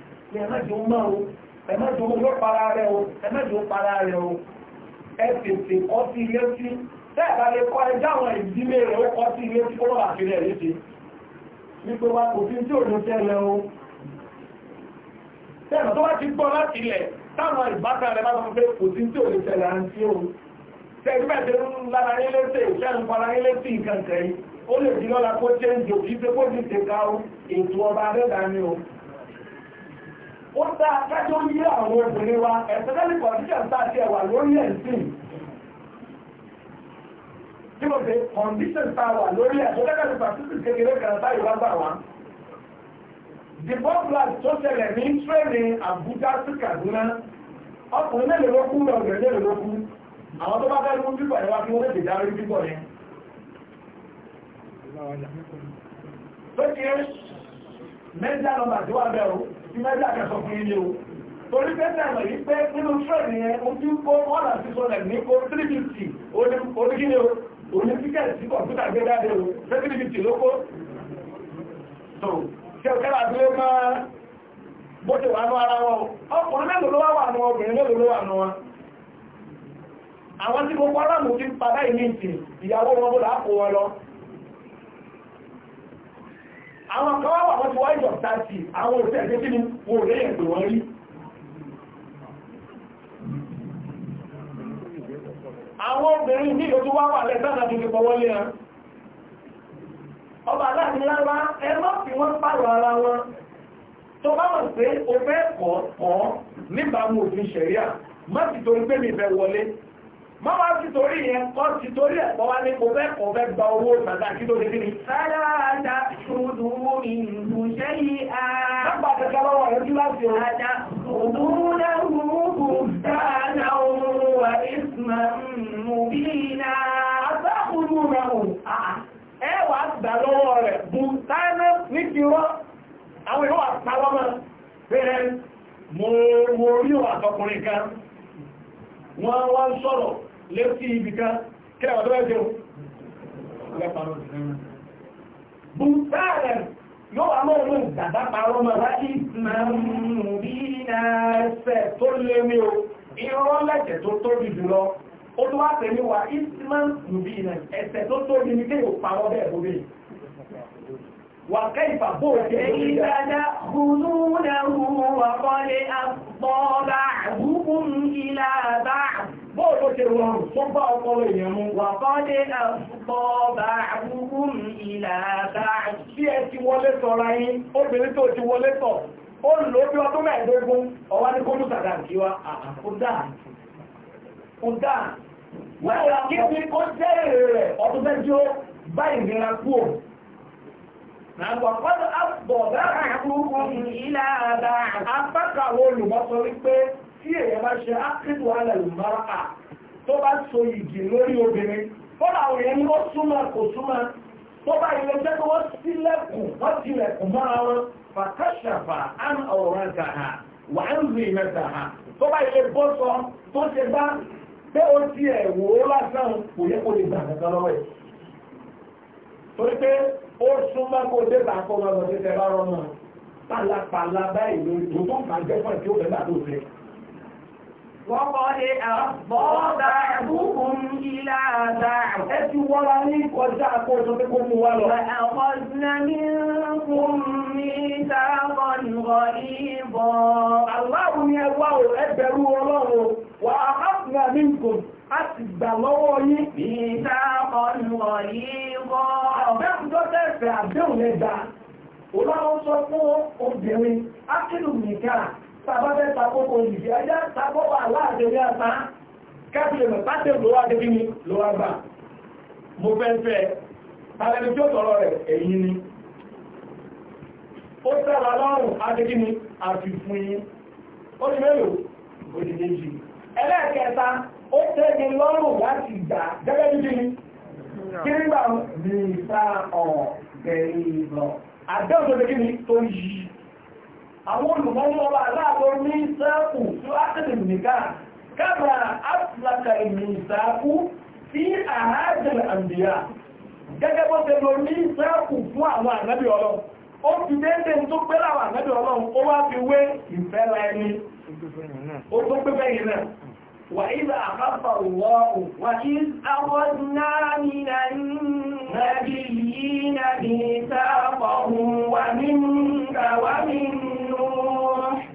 ni ẹ̀mẹ́jọ mọ́ o ẹ̀mẹ́jọ mọ́ yóò para rẹ̀ o ẹ̀mẹ́jọ para rẹ̀ o ẹ tètè kọ́ sí ilé sí tẹ́ẹ̀bá lè kọ́ ẹjá àwọn ìdílé rẹ̀ ó kọ́ sí ilé sí kó wà kiri ẹ̀ léṣe wípé wa kò fi tí ò o tẹ́ẹ̀bá tó bá ti gbọ́ láti ilẹ̀ táwọn ìbátan rẹ̀ bá sọ pé kò sí tí ò ní tẹ́lẹ̀ o tẹ́gbẹ́tẹ́ ń lára nílé tẹ́ ìṣẹ́ ń fara nílé tí nǹkan kẹ́yìn ó lè di lọ́la kó jẹ́ ń jò kí pé kó ó dá akájọ́ yí àwọn obìnrin wa ẹ̀sẹ̀lẹ́lì condition tàbí ẹ̀wà lórí ẹ̀sìn tí mo fi condition tàwà lórí ẹ̀sẹ̀lẹ́lì pàtàkì kékeré kan táyì wá gbà wá dìbò flag tó ṣẹlẹ̀ ní tírẹ́nì Àbújá sí Kaduna ọkùnrin mẹ́lẹ̀ ló kú ọ̀gbẹ̀rẹ̀ mẹ́lẹ̀ ló kú àwọn tó bá fẹ́ lókún pípọ̀ ẹ̀wà kí wọ́n lè dè dárí pípọ̀ yẹn lókè mẹ́jà nọmbà tí wà bẹ́ẹ̀ ti mẹ́jà kẹsọ̀ fún ilé o torí pẹ́sẹ̀ ẹ̀mọ̀ yìí pé nínú trend yẹn o ti kó one and six hundred ní kó three fifty oníkíni o òní tíkẹ̀tì sí kọ̀mpútà gbé dáadé o three fifty ló kó so kẹ́kẹ́ àti ló máa bó ti wà ní ara wọn ọkùnrin mélòó ló wà wà ní obìnrin mélòó ló wà ní wọn àwọn tí gbogbo aráàlú ti ń padà ìmìntì ìyàwó wọn bó làápò wọn lọ àwọn kan wà wọ́n ti wá ìjọ tàbí àwọn òṣèlú ẹgbẹ́ sínú wọ́n rẹ̀ ẹ̀gbẹ̀ wọ́n rí àwọn obìnrin ní ìlòtú wá wà lẹ́gbẹ̀ẹ́ àti ìpọwọ́lé ẹ̀ ọba aláàtí lára ẹ má fi wọ́n pààrọ̀ ara wọn tó bá wọ́n pé o fẹ́ kọ̀ọ̀kọ̀ níbàmú òfin ṣẹ̀ríà má ti torí pé mi fẹ́ wọlé má wá sí torí yẹn kọ́ sí torí ẹ̀kọ́ wá ní kò fẹ́ kò fẹ́ gba owó ìgbàgbà kí tó dédé ni. aláàdá ṣùdù ìlú ṣe yí a. lápá kẹ̀kẹ́ lọ́wọ́ rẹ̀ kí láti o. àdá òdú lẹ́hùrúhù dáadáa òun wà ìsìnà mùbínà. àtàkùnrin rẹ̀ o. ẹ wà gbà lọ́wọ́ rẹ̀ bù táná ní tirọ́ àwọn ìwà pàlọ́mọ bẹ́ẹ̀ mo rí wà tọkùnrin kan wọ́n wá sọ̀rọ̀ létí ibìkan kí àwọn tó ẹjọ́ bùtàrẹ̀ yóò wà mọ́ ọmọ ìgbàdá parọ́ mọ́ láti ìsìnàmù bí ẹsẹ̀ tó lé mi o irọ́ lẹ́jẹ̀ tó tóbi jùlọ olúwàtẹ̀mí wa ìsìnàmù bí ẹsẹ̀ tó tóbi ní kéèkó parọ́ bẹ́ẹ̀ bóbé وكيف بوك إذا دخلونه وقد أفضى بعضكم إلى بعض bóòdó o rọrùn tó bá ọpọlọ èèyàn mú. àfúgbọ́ bá àbúrú ìlà bá. ẹ ti wọlé sọ yín, obìnrin tó ti wọlé sọ, ó lò bí ọdún mẹ́ẹ̀ẹ́dógún, ọwá ní kó kí àkúdà, kí tí èèyàn bá ṣe ákéwò alàlùmọ́ra tó bá so ìgì lórí obìnrin fọ́nà àwọn èèyàn ni wọ́n súnmọ́ kò súnmọ́ tó bá ilé jẹ́ pé wọ́n sílẹ̀kùn wọ́n tilẹ̀kùn mọ́ra wọn fàkàṣàfà án ọ̀rọ̀ gàhà wà ń rìn mẹ́tàhà tó bá ilé bọ́ sọ tó ṣe bá pé ó ti ẹ̀ wò ó lásán kò yẹ kó lè gbà kankan lọ́wọ́ ẹ̀ torí pé ó súnmọ́ kó dé bá kọ́ ọmọ ọmọdé tẹ bá rọ́ mọ́ pálapàla báyìí lórí tó tó ń bàjẹ́ fún ẹ̀ tí ó fẹ́ bá tó ṣe. وقد أفضى بعضهم إلى بعض وأخذنا منكم ميثاقا غليظا الله يقول أبروا الله وأخذنا منكم أتبع الله ميثاقا غليظا أبروا تسعى أبروا لذا Ọlọ́run sọ fún obìnrin, Akínú nìkan, tàbábẹ́ takókò nìdí ajá takókò aláàdérí àtà kábílẹ̀ mẹ́ pàtẹ́ lówó adébí ni lówó àgbà mo fẹ́ fẹ́ tàbẹ́ni tí ó tọ̀rọ rẹ̀ ẹ̀yìn ni ó tẹ́wà lọ́rùn adébí ni àti fún yín ó ní mélòó ó ní méjì ẹlẹ́ẹ̀kẹta ó tẹ́ni lọ́rùn láti gbà gẹ́gẹ́ bí kíni kí nígbà mi àwọn olùmọ́mọ́ wa a ní sáàkù tó ákàdì nìkan kábà áfìlàkà ìlú sáàkù sí àhájẹ̀ àǹdíyà gẹ́gẹ́ bó ṣe lọ ní sáàkù fún àwọn ànábì ọlọ́run ó fi déédé tó pé láwọn ànábì ọlọ́run ó wá fi wé ìfẹ́ la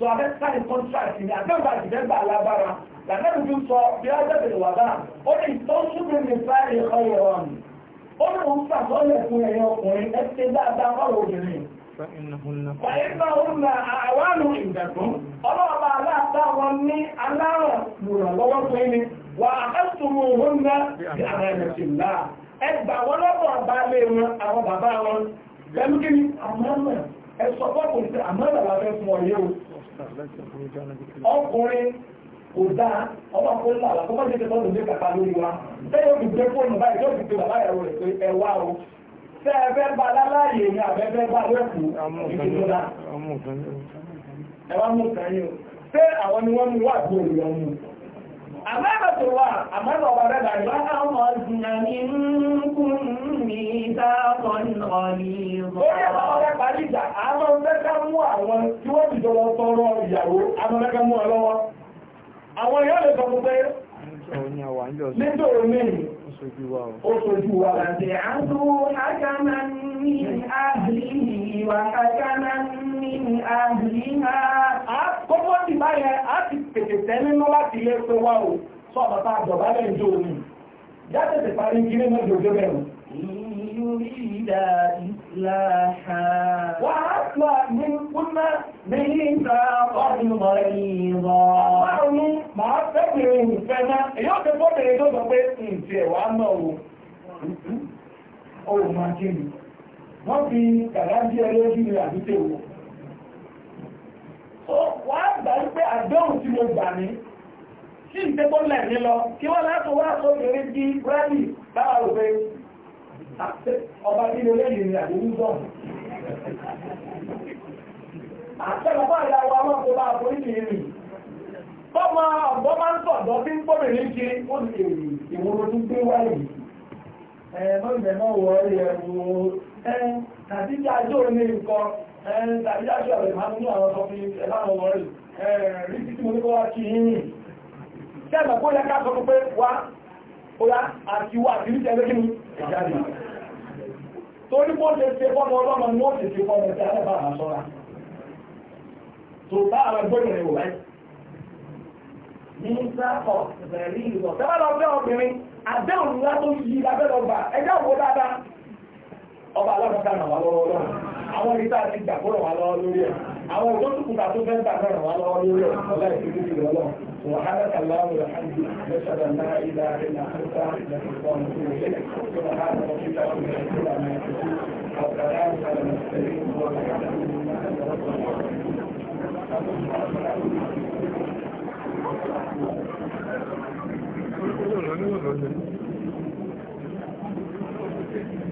sọ abẹ́sáì kọ́ńtàkì ní àgbẹ̀gbà ìgbẹ́gbà alágbára làbẹ́bí tó sọ bí ágbẹ́bẹ̀ wàdà ó ní ìtọ́sùnmí ní sáì ẹ̀kọ́ ìrọ̀ ni ó ní òun sàtọ́lẹ̀ fún ẹ̀yẹ ọkùnrin ẹ dáadáa ọ̀rọ̀ obìnrin Fàyínà òun na àwárù ìdẹ̀kùn, ọlọ́ọ̀bá aláàtà wọn ní aláàrùn lùrànlọ́wọ́ pé ní wà àkásùmù òun náà bí àwọn ẹ̀mẹ̀sìnlá. Ẹgbà wọn lọ́pọ̀ àbálẹ̀ wọn àwọn bàbá wọn, pẹ̀lú kí ni àmọ́mọ̀ ẹ sọ fọ́pù ní àmọ́dà la fẹ́ o ọkùnrin kò dáa ọba kò ń làlà kó má ṣe wa bẹ́ẹ̀ yóò fi gbé fóònù báyìí yóò fi bàbá ìyàwó rẹ̀ pé ẹ wá o ẹ fẹ́ bá ní abẹ́fẹ́ bá ẹ wá o àwọn ni wọ́n mú wà bí àmọ́ ẹ̀rọ tó wà àmọ́ ẹ̀rọ ọba rẹ̀ dàgbà ميثاقا غليظا àwọn mẹ́ká mú àwọn tí wọ́n ti jọlọ tọrọ ìyàwó àwọn mẹ́ká mú ọlọ́wọ́ àwọn yóò lè sọ fún pé nítorí omi oṣojú wa láti àdó àjámà ní àhìlì wà àjámà ní àhìlìmá ti báyẹ a ti pètè tẹ́lẹ̀ náà láti ilé pé wá o sọ àbátá àjọ̀bálẹ̀ ìjọ omi يريدا إصلاحا وأصلح من كل ميثاقا غليظا Ọlọ́run máa fẹ́bìnrin nìfẹ́ náà, èyí ó ti fọ́bìnrin tó sọ pé ǹjẹ́ wà náà o. Ó máa jẹ́ mi. Wọ́n fi kàlájí ẹlẹ́jú ni àdúgbò wò. kí wọ́n láti wá sóbìnrin di búrẹ́dì báwa rò pé ọba tí mo lẹ́yìn ní àdéhùn dọ̀. àtẹ̀lọ́pọ̀ àyà wa máa kó bá a forí kìí bọ́mọ ọ̀gbọ́n máa ń sọ̀dọ̀ tí ń gbọ́dọ̀ ní kiri ó sì ìwòrò tó gbé wáyé. ẹ mọ̀lẹ́ náà wọ ẹ wo ẹ tàbí tí ajó ní nǹkan ẹ tàbí ajó àbẹ̀ máa ń ní àwọn sọ fún ẹ láwọn ọmọ ẹ rí títí mo ní kó wá kí yín rìn. kẹ́ẹ̀mọ̀ kó yẹ ká sọ pé wá ó yá àti wá àti rí tẹ́lẹ̀ kí ni ìjáde torí bó ṣe ṣe fọ́mọ ọlọ́mọ ni wọ́n sì ṣe fọ́mọ tí alẹ́ bá àwọn sọ́ra tó bá àwọn gbọ́dọ̀ rẹ̀ wò láì nígbà ọ̀sẹ̀rí ìwọ̀ tẹ́lá lọ fẹ́ obìnrin àdéhùn ńlá tó yí lábẹ́ lọ gbà ẹjẹ́ òwò dáadáa ọba aláwọ̀ ká ràn wá lọ́wọ́ lọ́wọ́ àwọn ibi tá a ti gbà kó ràn wá lọ́wọ́ lórí ẹ̀ àwọn òjò tó kùtà tó fẹ́ gbà ràn wá lọ́wọ́ lórí ẹ̀ ọ̀la ìfẹ́ وحدث الله الحمد نشهد ان لا اله الا انت التي قام اليك سبحان ربك رب العزه عما يصفون والسلام على المرسلين والحمد لله رب العالمين